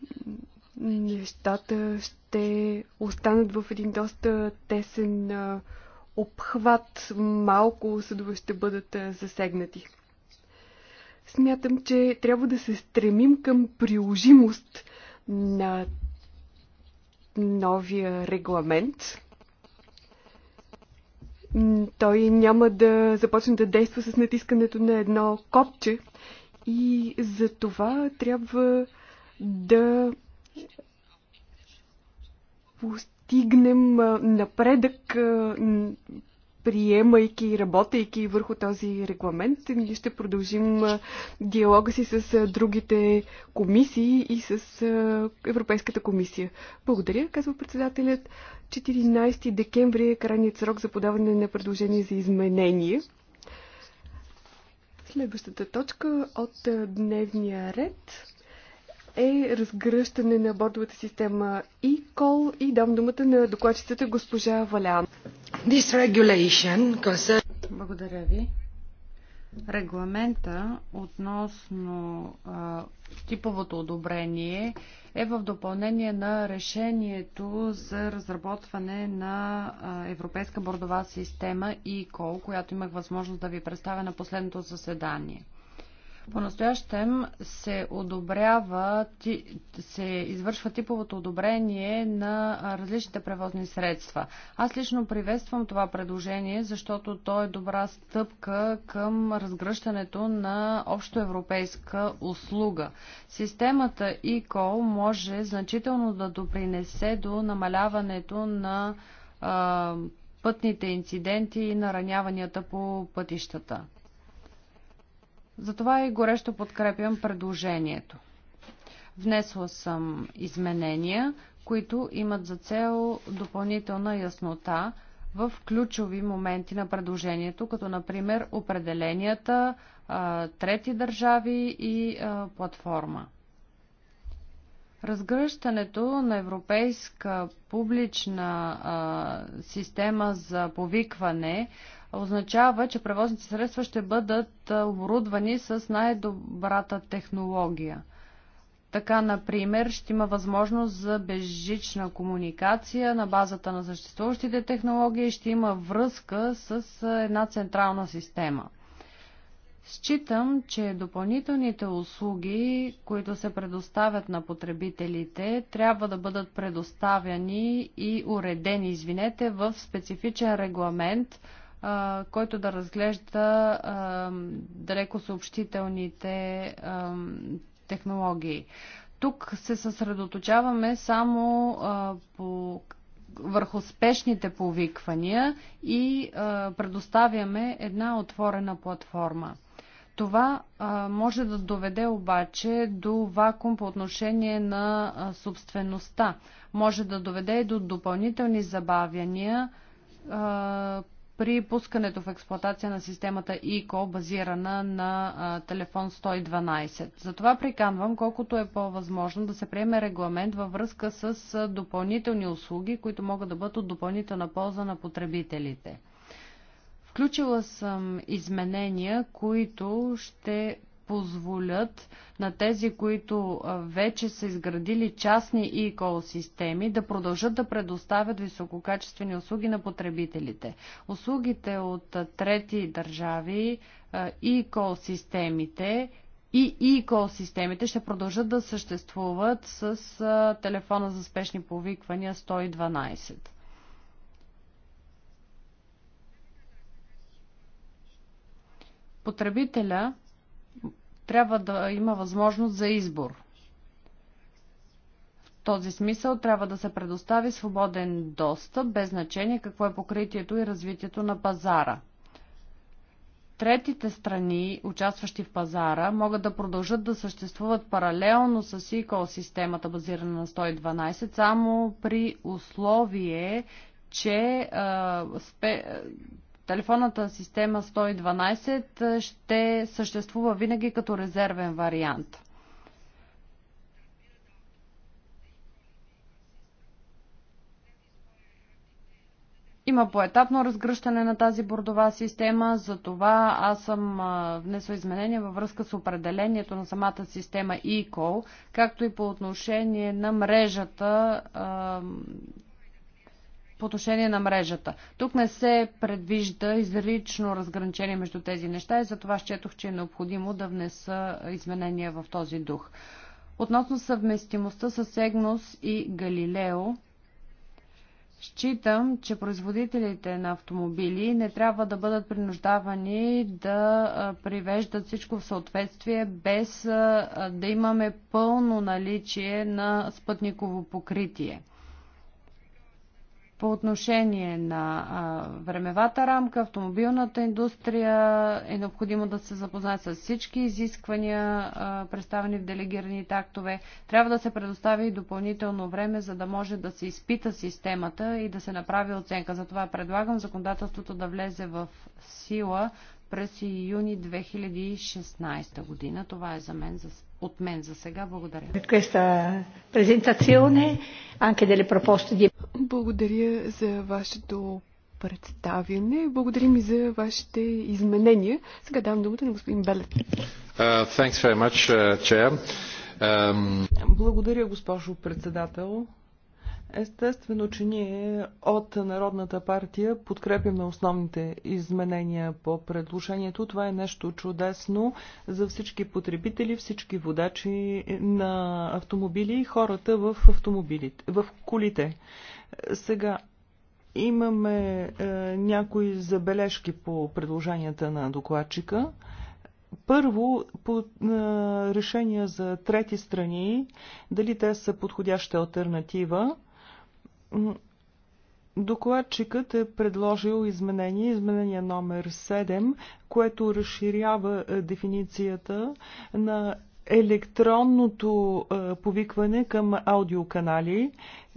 нещата ще останат в един доста тесен обхват. Малко съдове ще бъдат засегнати. Смятам, че трябва да се стремим към приложимост на новия регламент той няма да започне да действа с натискането на едно копче и за това трябва да постигнем напредък приемайки и работейки върху този регламент, ние ще продължим диалога си с другите комисии и с Европейската комисия. Благодаря, казва председателят. 14 декември е крайният срок за подаване на предложение за изменение. Следващата точка от дневния ред е разгръщане на бордовата система и кол и дам думата на докладчицата госпожа Валян. Concern... Благодаря ви. Регламента относно а, типовото одобрение е в допълнение на решението за разработване на а, Европейска бордова система и кол, която имах възможност да ви представя на последното заседание. По-настоящем се одобрява, се извършва типовото одобрение на различните превозни средства. Аз лично приветствам това предложение, защото то е добра стъпка към разгръщането на общоевропейска услуга. Системата ИКО може значително да допринесе до намаляването на пътните инциденти и нараняванията по пътищата. Затова и горещо подкрепям предложението. Внесла съм изменения, които имат за цел допълнителна яснота в ключови моменти на предложението, като например определенията трети държави и платформа. Разгръщането на европейска публична система за повикване означава, че превозните средства ще бъдат оборудвани с най-добрата технология. Така, например, ще има възможност за безжична комуникация на базата на съществуващите технологии, и ще има връзка с една централна система. Считам, че допълнителните услуги, които се предоставят на потребителите, трябва да бъдат предоставяни и уредени, извинете, в специфичен регламент – който да разглежда далеко съобщителните технологии. Тук се съсредоточаваме само по върху спешните повиквания и а, предоставяме една отворена платформа. Това а, може да доведе обаче до вакуум по отношение на а, собствеността. Може да доведе и до допълнителни забавяния, при пускането в експлоатация на системата ИКО, базирана на а, телефон 112. Затова приканвам, колкото е по-възможно, да се приеме регламент във връзка с а, допълнителни услуги, които могат да бъдат от допълнителна полза на потребителите. Включила съм изменения, които ще позволят на тези, които вече са изградили частни и екосистеми, да продължат да предоставят висококачествени услуги на потребителите. Услугите от трети държави, и екосистемите и екосистемите ще продължат да съществуват с телефона за спешни повиквания 112. Потребителя трябва да има възможност за избор. В този смисъл трябва да се предостави свободен достъп, без значение какво е покритието и развитието на пазара. Третите страни, участващи в пазара, могат да продължат да съществуват паралелно с ECOL системата, базирана на 112, само при условие, че а, спе, телефонната система 112 ще съществува винаги като резервен вариант. Има поетапно разгръщане на тази бордова система, затова аз съм внесла изменения във връзка с определението на самата система E-Call, както и по отношение на мрежата по отношение на мрежата. Тук не се предвижда изрично разграничение между тези неща и затова счетох, че е необходимо да внеса изменения в този дух. Относно съвместимостта с Егнос и Галилео, Считам, че производителите на автомобили не трябва да бъдат принуждавани да привеждат всичко в съответствие, без да имаме пълно наличие на спътниково покритие. По отношение на а, времевата рамка, автомобилната индустрия е необходимо да се запознае с всички изисквания, а, представени в делегираните актове. Трябва да се предостави и допълнително време, за да може да се изпита системата и да се направи оценка. Затова предлагам законодателството да влезе в сила през юни 2016 година. Това е за мен за сега от мен за сега. Благодаря. Благодаря за вашето представяне. Благодарим и за вашите изменения. Сега давам думата на господин Белет. Uh, much, uh, um... Благодаря, госпожо председател. Естествено, че ние от Народната партия подкрепяме основните изменения по предложението. Това е нещо чудесно за всички потребители, всички водачи на автомобили и хората в автомобилите, в колите. Сега имаме е, някои забележки по предложенията на докладчика. Първо, по е, решения за трети страни, дали те са подходяща альтернатива. Докладчикът е предложил изменение, изменение номер 7, което разширява е, дефиницията на електронното е, повикване към аудиоканали.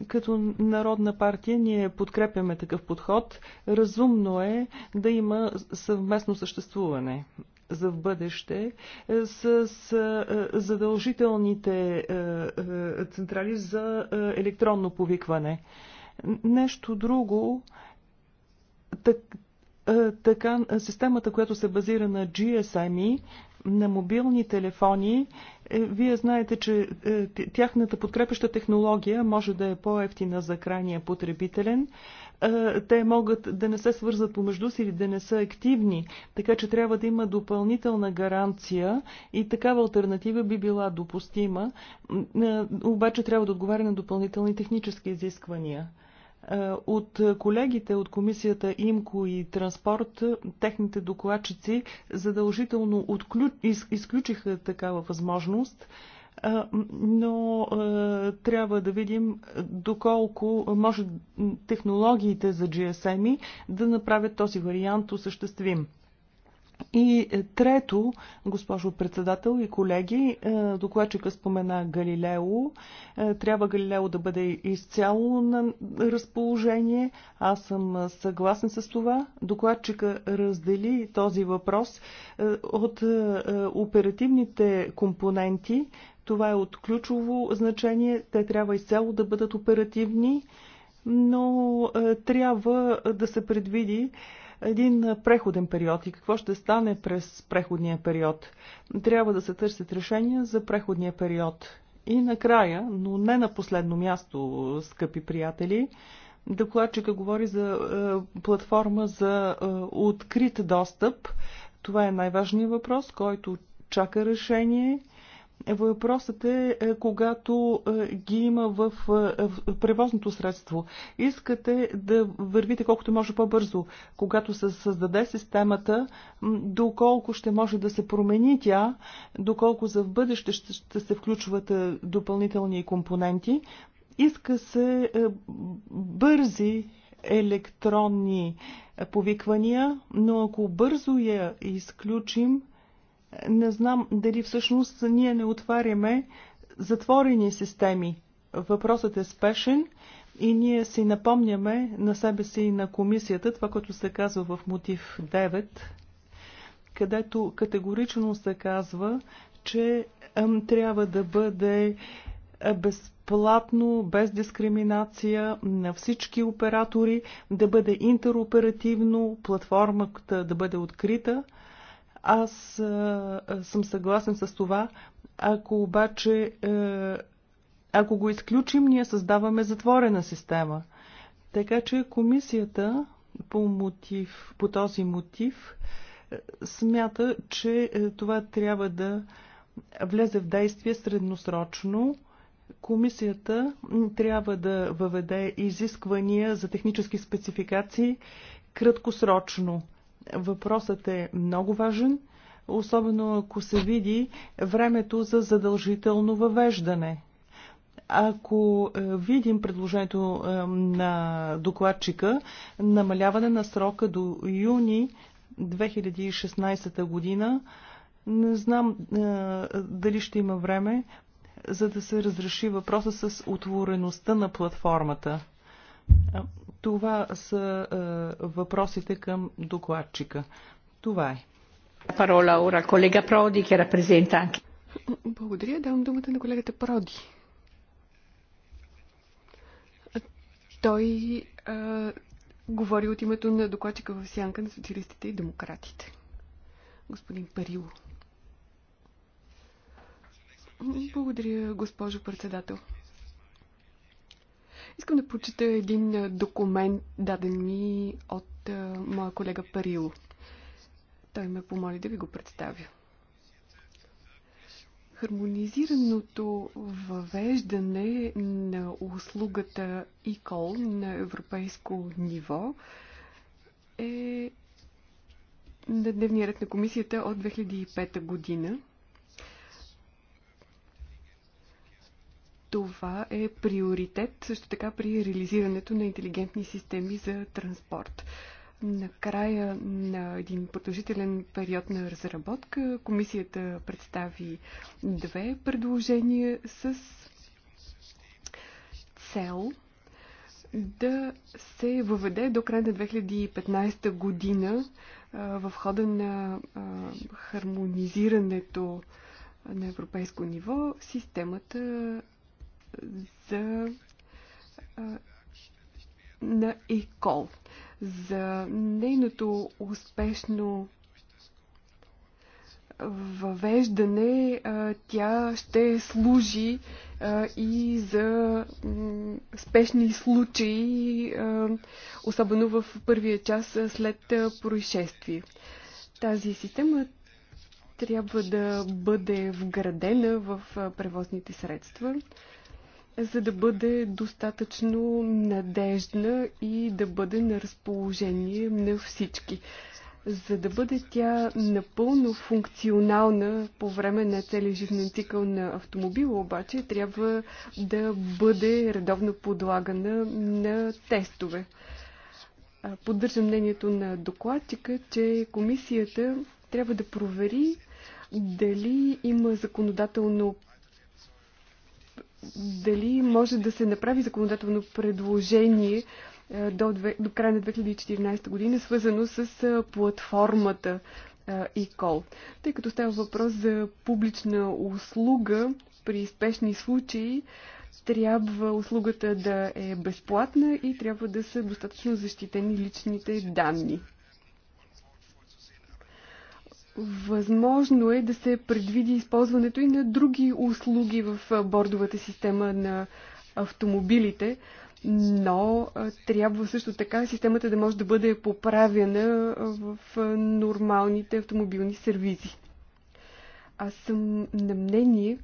Като Народна партия ние подкрепяме такъв подход. Разумно е да има съвместно съществуване за в бъдеще е, с е, задължителните е, централи за електронно повикване. Нещо друго, так, така, системата, която се базира на GSME, на мобилни телефони, е, вие знаете, че е, тяхната подкрепеща технология може да е по-ефтина за крайния потребителен. Е, те могат да не се свързат помежду си или да не са активни, така че трябва да има допълнителна гаранция и такава альтернатива би била допустима, обаче трябва да отговаря на допълнителни технически изисквания. Е, от колегите от комисията ИМКО и Транспорт, техните докладчици задължително изключиха такава възможност е, но е, трябва да видим доколко може технологиите за GSM да направят този вариант осъществим. И е, трето, госпожо председател и колеги, е, докладчика спомена Галилео. Е, трябва Галилео да бъде изцяло на разположение. Аз съм съгласен с това. Докладчика раздели този въпрос от оперативните компоненти. Това е от ключово значение. Те трябва изцяло да бъдат оперативни, но трябва да се предвиди един преходен период и какво ще стане през преходния период. Трябва да се търсят решения за преходния период. И накрая, но не на последно място, скъпи приятели, докладчика говори за е, платформа за е, открит достъп. Това е най-важният въпрос, който чака решение. Въпросът е, е когато е, ги има е, в превозното средство. Искате да вървите колкото може по-бързо. Когато се създаде системата, доколко ще може да се промени тя, доколко за в бъдеще ще се включват допълнителни компоненти, иска се бързи електронни повиквания, но ако бързо я изключим, не знам дали всъщност ние не отваряме затворени системи. Въпросът е спешен и ние си напомняме на себе си и на комисията това, което се казва в мотив 9, където категорично се казва, че трябва да бъде безплатно, без дискриминация на всички оператори, да бъде интероперативно, платформата да бъде открита. Аз а, съм съгласен с това. Ако обаче, а, е, ако го изключим, ние създаваме затворена система. Така че комисията по, мотив, по този мотив е, смята, че е, това трябва да влезе в действие средносрочно. Комисията трябва да въведе изисквания за технически спецификации краткосрочно. Въпросът е много важен, особено ако се види времето за задължително въвеждане. Ако е, видим предложението е, на докладчика, намаляване на срока до юни 2016 година, не знам е, дали ще има време, за да се разреши въпроса с отвореността на платформата. Това са е, въпросите към докладчика. Това е. Парола ура колега Проди, ке репрезента. Благодаря. Давам думата на колегата Проди. Той е, говори от името на докладчика в сянка на социалистите и демократите. Господин Парило. Благодаря, госпожо председател. Искам да прочета един документ, даден ми от моя колега Парило. Той ме помоли да ви го представя. Хармонизираното въвеждане на услугата ИКОЛ на европейско ниво е на дневния ред на комисията от 2005 година. Това е приоритет също така при реализирането на интелигентни системи за транспорт. Накрая на един продължителен период на разработка комисията представи две предложения с цел да се въведе до края на 2015 година в хода на хармонизирането на европейско ниво системата за на ЕКОЛ, за нейното успешно въвеждане тя ще служи и за спешни случаи, особено в първия час след происшествие. Тази система трябва да бъде вградена в превозните средства за да бъде достатъчно надежна и да бъде на разположение на всички. За да бъде тя напълно функционална по време на целия жизнен цикъл на автомобила, обаче трябва да бъде редовно подлагана на тестове. Поддържам мнението на докладчика, че комисията трябва да провери дали има законодателно дали може да се направи законодателно предложение е, до, до края на 2014 година, свързано с е, платформата е, eCall. Тъй като става въпрос за публична услуга при спешни случаи, трябва услугата да е безплатна и трябва да са достатъчно защитени личните данни. Възможно е да се предвиди използването и на други услуги в бордовата система на автомобилите, но трябва също така системата да може да бъде поправена в нормалните автомобилни сервизи. Аз съм на мнение,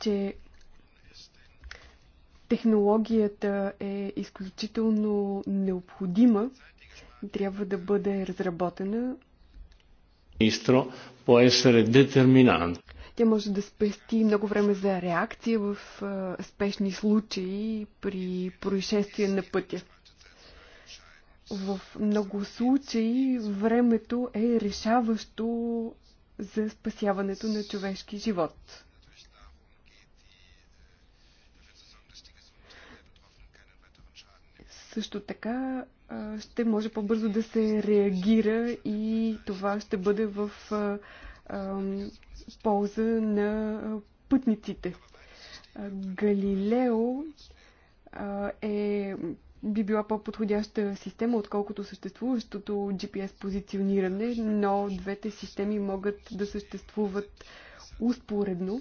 че Технологията е изключително необходима и трябва да бъде разработена. Министро, Тя може да спести много време за реакция в спешни случаи при происшествие на пътя. В много случаи времето е решаващо за спасяването на човешки живот. Също така ще може по-бързо да се реагира и това ще бъде в полза на пътниците. Галилео е, би била по-подходяща система, отколкото съществуващото GPS позициониране, но двете системи могат да съществуват успоредно,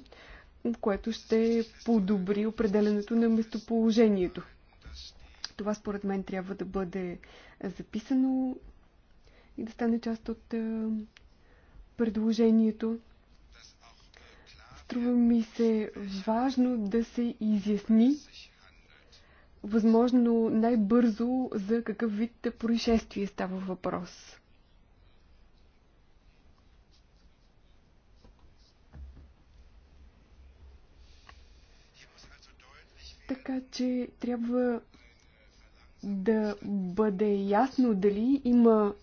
което ще подобри определенето на местоположението. Това според мен трябва да бъде записано и да стане част от предложението. Струва ми се важно да се изясни възможно най-бързо за какъв вид происшествие става въпрос. Така че трябва да бъде ясно дали има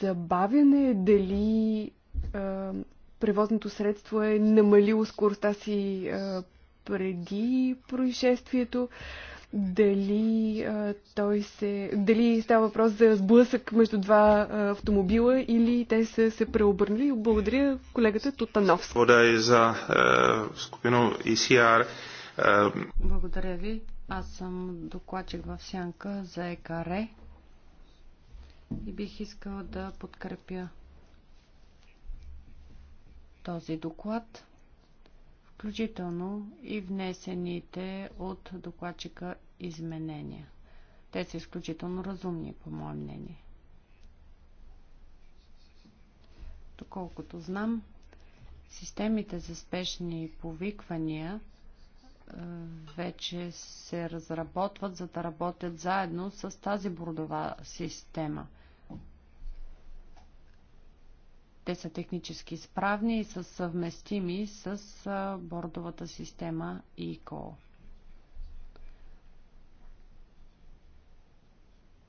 забавяне, дали а, превозното средство е намалило скоростта си а, преди происшествието, дали а, той се. дали става въпрос за сблъсък между два а, автомобила или те са се преобърнали. Благодаря колегата Тотанов. Благодаря за е, скупино ECR. Е... Благодаря ви. Аз съм докладчик в Сянка за ЕКР и бих искала да подкрепя този доклад, включително и внесените от докладчика изменения. Те са изключително разумни, по мое мнение. Доколкото знам, системите за спешни повиквания – вече се разработват, за да работят заедно с тази бордова система. Те са технически изправни и са съвместими с бордовата система ИКО.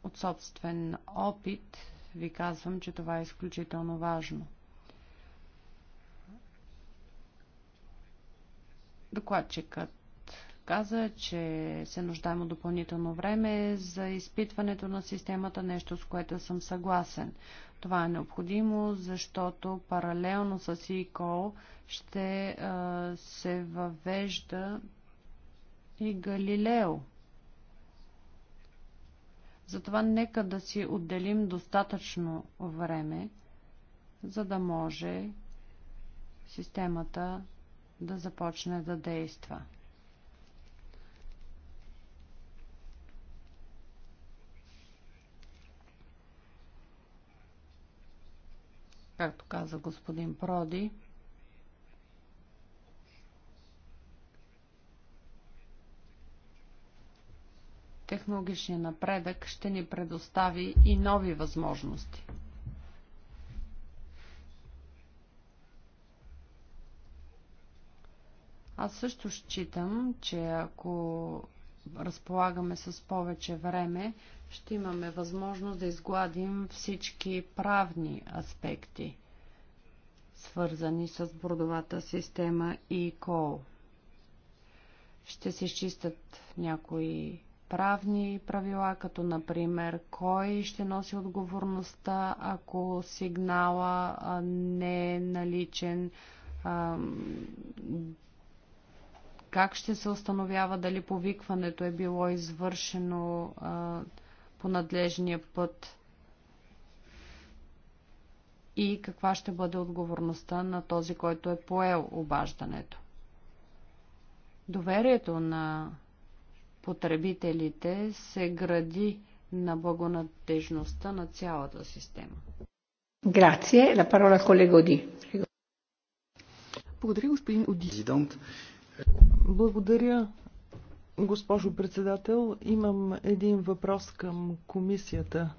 От собствен опит ви казвам, че това е изключително важно. Докладчикът каза, че се нуждаем от допълнително време за изпитването на системата, нещо с което съм съгласен. Това е необходимо, защото паралелно с ECOL ще а, се въвежда и Галилео. Затова нека да си отделим достатъчно време, за да може системата да започне да действа. както каза господин Проди, технологичния напредък ще ни предостави и нови възможности. Аз също считам, че ако разполагаме с повече време, ще имаме възможност да изгладим всички правни аспекти, свързани с бордовата система и кол. Ще се изчистят някои правни правила, като например кой ще носи отговорността, ако сигнала не е наличен, как ще се установява дали повикването е било извършено по надлежния път и каква ще бъде отговорността на този, който е поел обаждането. Доверието на потребителите се гради на благонадежността на цялата система. Грация. La на колега Оди. Благодаря, господин Оди. Благодаря, Госпожо председател, имам един въпрос към комисията.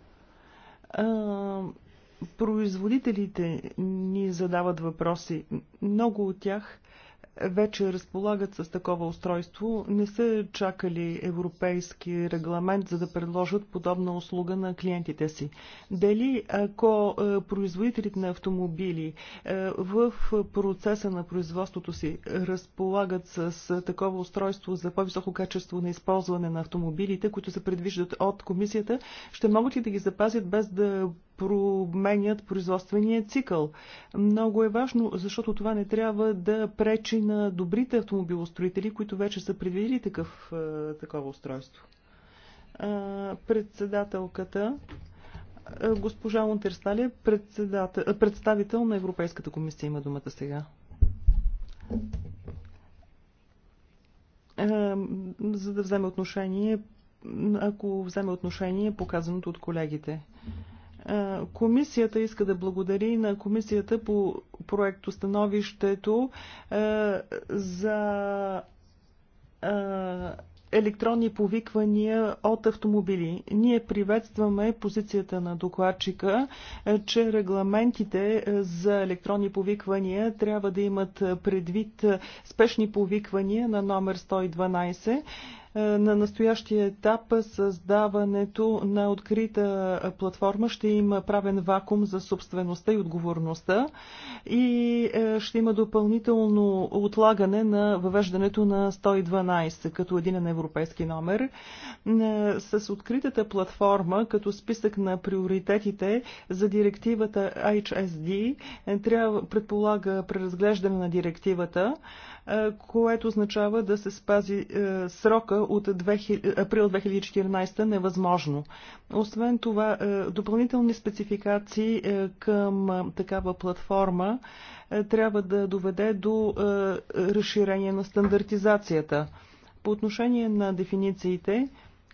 А, производителите ни задават въпроси. Много от тях вече разполагат с такова устройство, не са чакали европейски регламент, за да предложат подобна услуга на клиентите си. Дали ако е, производителите на автомобили е, в процеса на производството си разполагат с такова устройство за по-високо качество на използване на автомобилите, които се предвиждат от комисията, ще могат ли да ги запазят без да променят производствения цикъл. Много е важно, защото това не трябва да пречи на добрите автомобилостроители, които вече са предвидили такъв, е, такова устройство. Е, председателката е, госпожа Монтерстале, представител на Европейската комисия, има думата сега. За да вземе отношение, ако вземе отношение показаното от колегите. Е, комисията иска да благодари на Комисията по проекто становището е, за е, електронни повиквания от автомобили. Ние приветстваме позицията на докладчика, че регламентите за електронни повиквания трябва да имат предвид спешни повиквания на номер 112 е, на настоящия етап създаването на открита платформа ще има правен вакуум за собствеността и отговорността и е, ще има допълнително отлагане на въвеждането на 112 като един на европейски номер. Е, с откритата платформа като списък на приоритетите за директивата HSD трябва предполага преразглеждане на директивата което означава да се спази срока от 2000, април 2014 невъзможно. Освен това, допълнителни спецификации към такава платформа трябва да доведе до разширение на стандартизацията. По отношение на дефинициите,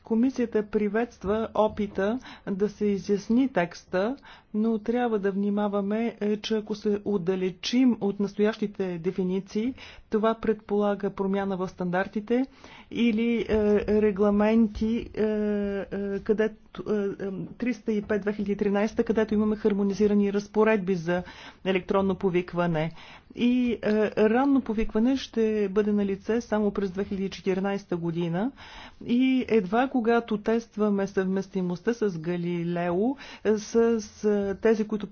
Комисията приветства опита да се изясни текста, но трябва да внимаваме, е, че ако се отдалечим от настоящите дефиниции, това предполага промяна в стандартите или е, регламенти, е, където 305-2013, където имаме хармонизирани разпоредби за електронно повикване. И е, ранно повикване ще бъде на лице само през 2014 година. И едва когато тестваме съвместимостта с Галилео, с тези, които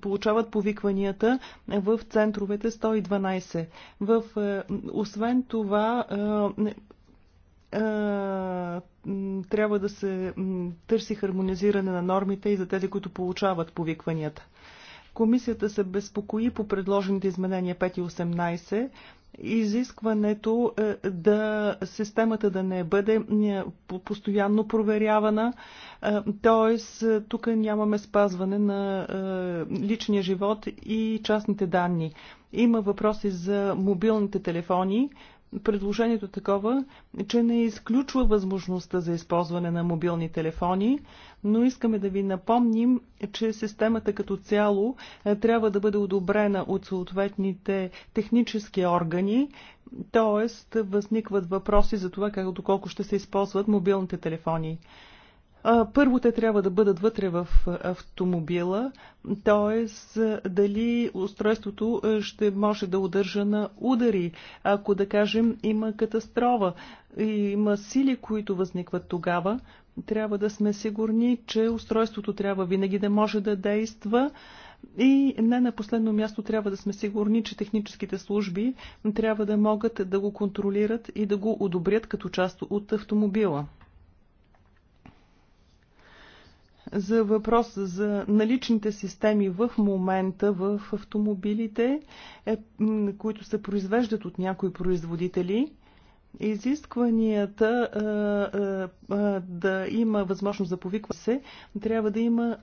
получават повикванията в центровете 112. В, е, освен това, е, е, трябва да се търси хармонизиране на нормите и за тези, които получават повикванията. Комисията се безпокои по предложените изменения 5 и 18, изискването е, да системата да не бъде е, постоянно проверявана, т.е. Е, тук нямаме спазване на личния живот и частните данни. Има въпроси за мобилните телефони предложението е такова, че не изключва възможността за използване на мобилни телефони, но искаме да ви напомним, че системата като цяло е, трябва да бъде одобрена от съответните технически органи, т.е. възникват въпроси за това как доколко ще се използват мобилните телефони. Първо те трябва да бъдат вътре в автомобила, т.е. дали устройството ще може да удържа на удари, ако да кажем има катастрофа, има сили, които възникват тогава, трябва да сме сигурни, че устройството трябва винаги да може да действа. И не на последно място трябва да сме сигурни, че техническите служби трябва да могат да го контролират и да го одобрят като част от автомобила. за въпроса за наличните системи в момента в автомобилите, е, които се произвеждат от някои производители. Изискванията да има възможност за повиква се, трябва да има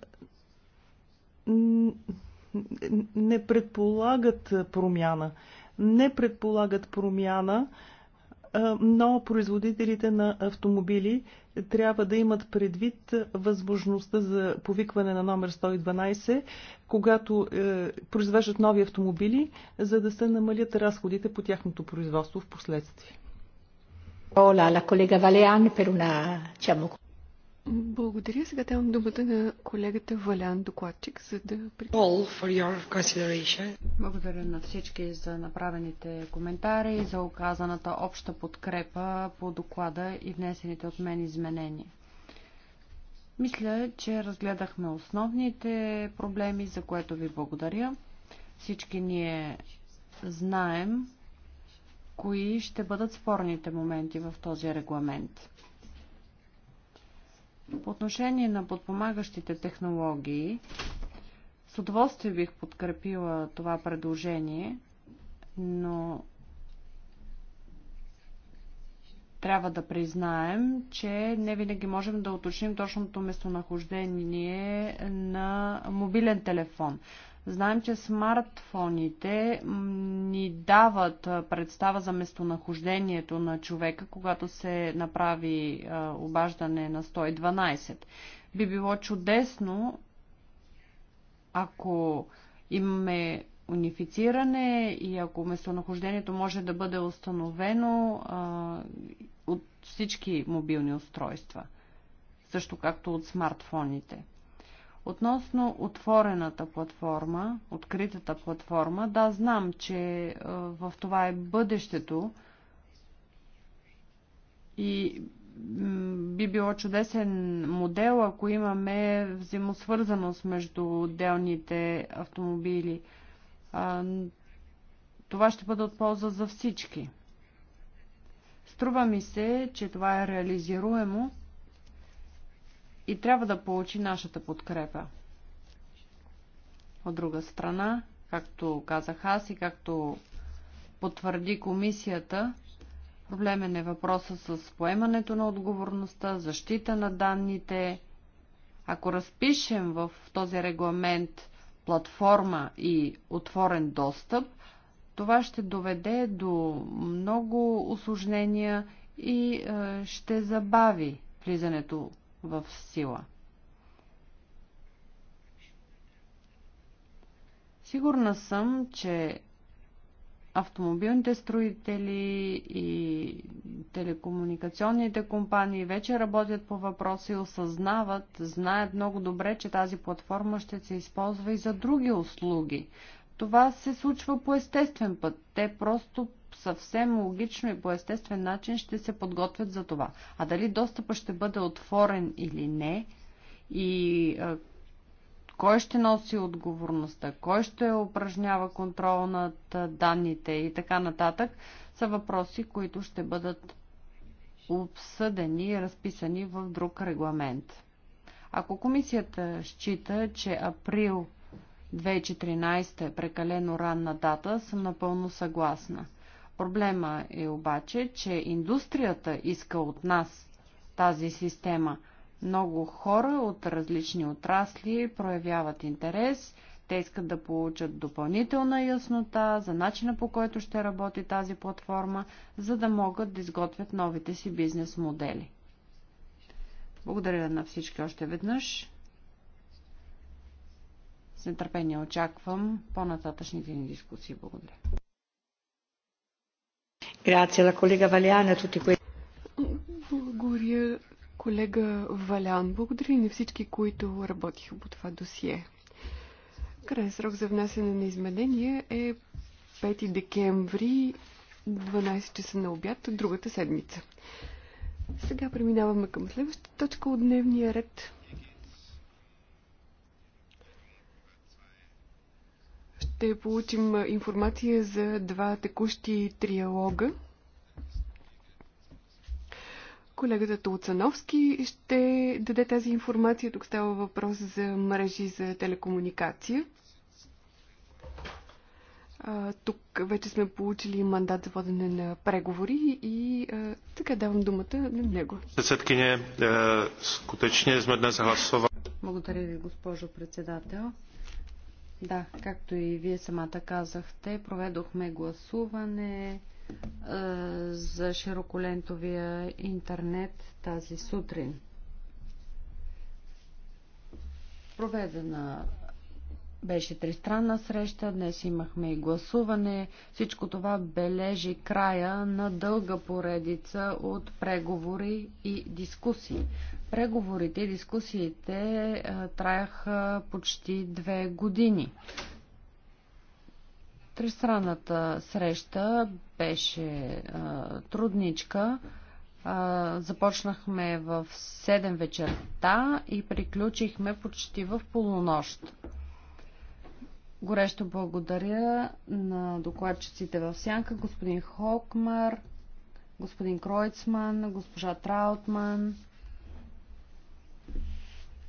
не предполагат промяна. Не предполагат промяна, но производителите на автомобили трябва да имат предвид възможността за повикване на номер 112, когато е, произвеждат нови автомобили, за да се намалят разходите по тяхното производство в последствие. Hola, la collega Valean per una, diciamo, благодаря. Сега давам думата на колегата Валян, докладчик, за да... Благодаря на всички за направените коментари, за оказаната обща подкрепа по доклада и внесените от мен изменения. Мисля, че разгледахме основните проблеми, за което ви благодаря. Всички ние знаем кои ще бъдат спорните моменти в този регламент. По отношение на подпомагащите технологии, с удоволствие бих подкрепила това предложение, но трябва да признаем, че не винаги можем да уточним точното местонахождение на мобилен телефон. Знаем, че смартфоните ни дават представа за местонахождението на човека, когато се направи обаждане на 112. Би било чудесно, ако имаме унифициране и ако местонахождението може да бъде установено а, от всички мобилни устройства, също както от смартфоните. Относно отворената платформа, откритата платформа, да, знам, че е, в това е бъдещето и би било чудесен модел, ако имаме взаимосвързаност между отделните автомобили. Това ще бъде от полза за всички. Струва ми се, че това е реализируемо и трябва да получи нашата подкрепа. От друга страна, както казах аз и както потвърди комисията, проблемен е въпроса с поемането на отговорността, защита на данните. Ако разпишем в този регламент платформа и отворен достъп, това ще доведе до много осложнения и е, ще забави влизането в сила. Сигурна съм, че автомобилните строители и телекомуникационните компании вече работят по въпроса и осъзнават, знаят много добре, че тази платформа ще се използва и за други услуги. Това се случва по естествен път. Те просто съвсем логично и по естествен начин ще се подготвят за това. А дали достъпа ще бъде отворен или не и а, кой ще носи отговорността, кой ще упражнява контрол над данните и така нататък, са въпроси, които ще бъдат обсъдени и разписани в друг регламент. Ако комисията счита, че април 2014 е прекалено ранна дата, съм напълно съгласна. Проблема е обаче, че индустрията иска от нас тази система. Много хора от различни отрасли проявяват интерес, те искат да получат допълнителна яснота за начина по който ще работи тази платформа, за да могат да изготвят новите си бизнес модели. Благодаря на всички още веднъж. С нетърпение очаквам по-нататъчните ни дискусии. Благодаря. Grazie alla collega Valiana, tutti Благодаря, колега Валян. Благодаря и на всички, които работиха по това досие. Крайен срок за внасяне на изменения е 5 декември, 12 часа на обяд, другата седмица. Сега преминаваме към следващата точка от дневния ред. ще получим информация за два текущи триалога. Колегата Толцановски ще даде тази информация. Тук става въпрос за мрежи за телекомуникация. Тук вече сме получили мандат за водене на преговори и така давам думата на него. Председкиня, е, скутечни сме днес гласова. Благодаря ви, госпожо председател. Да, както и вие самата казахте, проведохме гласуване е, за широколентовия интернет тази сутрин. Проведена беше тристранна среща, днес имахме и гласуване. Всичко това бележи края на дълга поредица от преговори и дискусии. Преговорите и дискусиите е, траяха почти две години. Тристранната среща беше а, е, трудничка. А, е, започнахме в 7 вечерта и приключихме почти в полунощ. Горещо благодаря на докладчиците в Сянка, господин Хокмар, господин Кройцман, госпожа Траутман.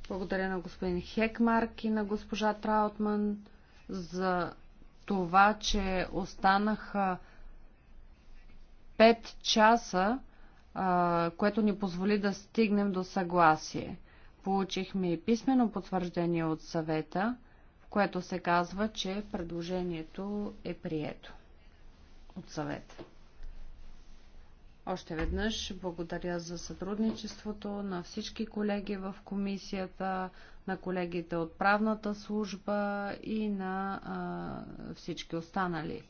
Благодаря на господин Хекмарк и на госпожа Траутман за това, че останаха 5 часа, което ни позволи да стигнем до съгласие. Получихме и писмено потвърждение от съвета – което се казва, че предложението е прието от съвета. Още веднъж благодаря за сътрудничеството на всички колеги в комисията, на колегите от правната служба и на а, всички останали.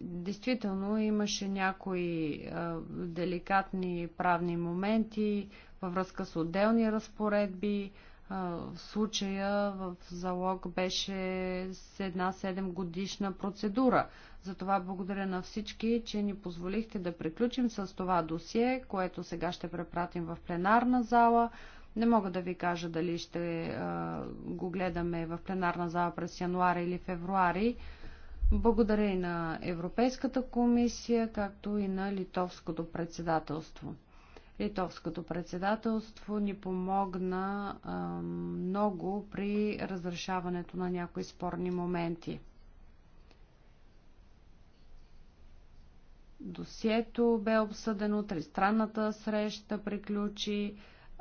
Действително имаше някои а, деликатни правни моменти във връзка с отделни разпоредби, в случая в залог беше с една 7 годишна процедура. Затова благодаря на всички, че ни позволихте да приключим с това досие, което сега ще препратим в пленарна зала. Не мога да ви кажа дали ще го гледаме в пленарна зала през януари или февруари. Благодаря и на Европейската комисия, както и на Литовското председателство. Литовското председателство ни помогна а, много при разрешаването на някои спорни моменти. Досието бе обсъдено, тристранната среща приключи.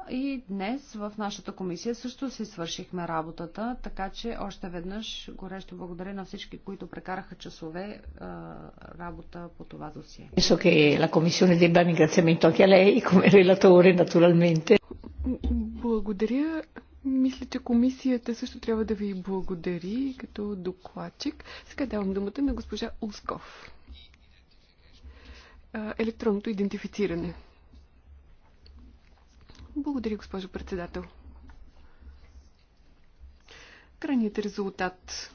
И днес в нашата комисия също си свършихме работата, така че още веднъж горещо благодаря на всички, които прекараха часове а, работа по това досие. Благодаря. Мисля, че комисията също трябва да ви благодари като докладчик. Сега давам думата на госпожа Усков. Електронното идентифициране. Благодаря, госпожо председател. Крайният резултат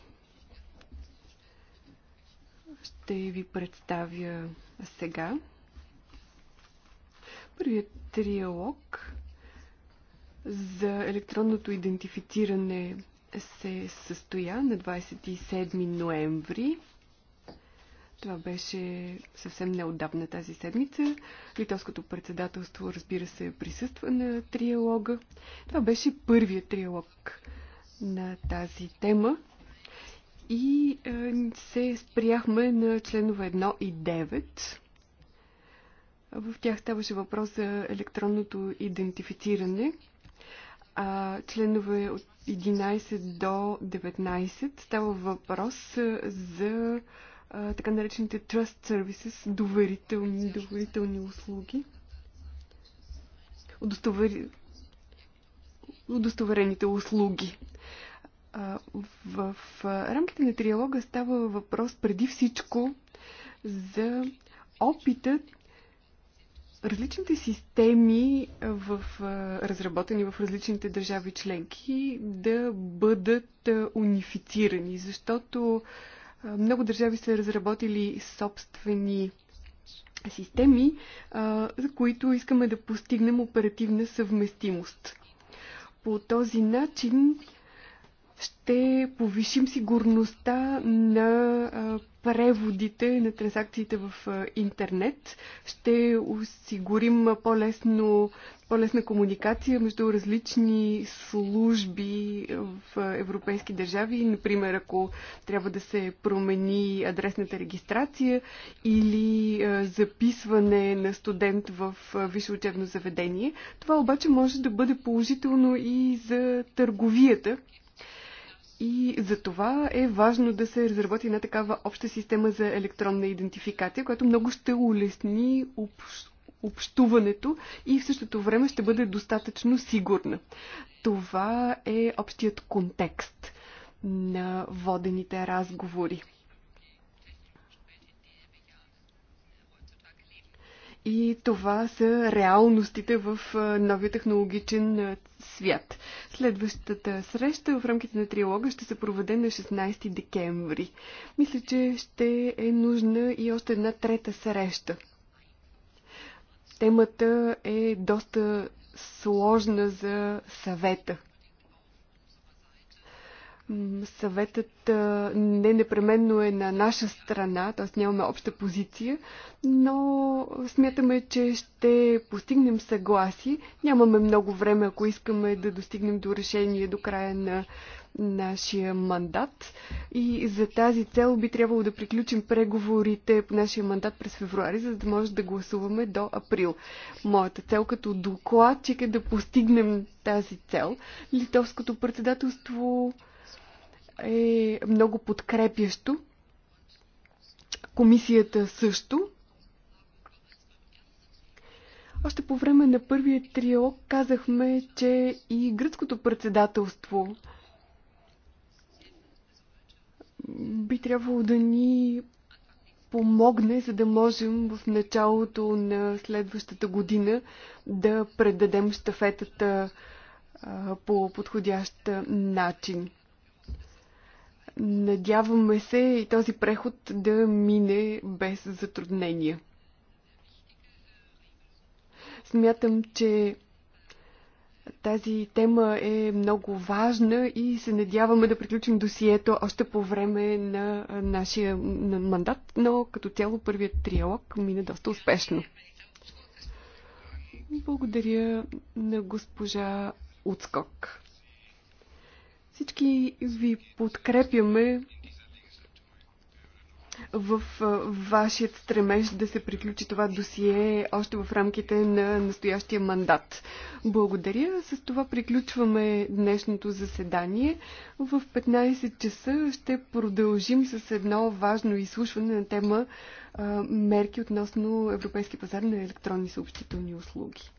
ще ви представя сега. Първият триалог за електронното идентифициране се състоя на 27 ноември. Това беше съвсем неотдавна тази седмица. Литовското председателство, разбира се, присъства на триалога. Това беше първият триалог на тази тема. И е, се спряхме на членове 1 и 9. В тях ставаше въпрос за електронното идентифициране. А, членове от 11 до 19 става въпрос за а, така наречените trust services, доверителни, доверителни услуги. Удостовери... Удостоверените услуги. А, в, в рамките на триалога става въпрос преди всичко за опитът различните системи в, разработени в различните държави членки да бъдат унифицирани, защото много държави са разработили собствени системи, за които искаме да постигнем оперативна съвместимост. По този начин ще повишим сигурността на преводите на транзакциите в интернет. Ще осигурим по-лесно, по-лесна комуникация между различни служби в европейски държави. Например, ако трябва да се промени адресната регистрация или записване на студент в висше учебно заведение. Това обаче може да бъде положително и за търговията, и за това е важно да се разработи една такава обща система за електронна идентификация, която много ще улесни общ, общуването и в същото време ще бъде достатъчно сигурна. Това е общият контекст на водените разговори. И това са реалностите в новия технологичен свят. Следващата среща в рамките на триалога ще се проведе на 16 декември. Мисля, че ще е нужна и още една трета среща. Темата е доста сложна за съвета – Съветът не непременно е на наша страна, т.е. нямаме обща позиция, но смятаме, че ще постигнем съгласи. Нямаме много време, ако искаме да достигнем до решение до края на нашия мандат и за тази цел би трябвало да приключим преговорите по нашия мандат през февруари, за да може да гласуваме до април. Моята цел като докладчик е да постигнем тази цел. Литовското председателство е много подкрепящо. Комисията също. Още по време на първия трио казахме, че и гръцкото председателство би трябвало да ни помогне, за да можем в началото на следващата година да предадем щафетата по подходящ начин. Надяваме се и този преход да мине без затруднения. Смятам, че тази тема е много важна и се надяваме да приключим досието още по време на нашия мандат, но като цяло първият триалог мина доста успешно. Благодаря на госпожа Уцкок. Всички ви подкрепяме в вашият стремеж да се приключи това досие още в рамките на настоящия мандат. Благодаря. С това приключваме днешното заседание. В 15 часа ще продължим с едно важно изслушване на тема мерки относно Европейски пазар на електронни съобщителни услуги.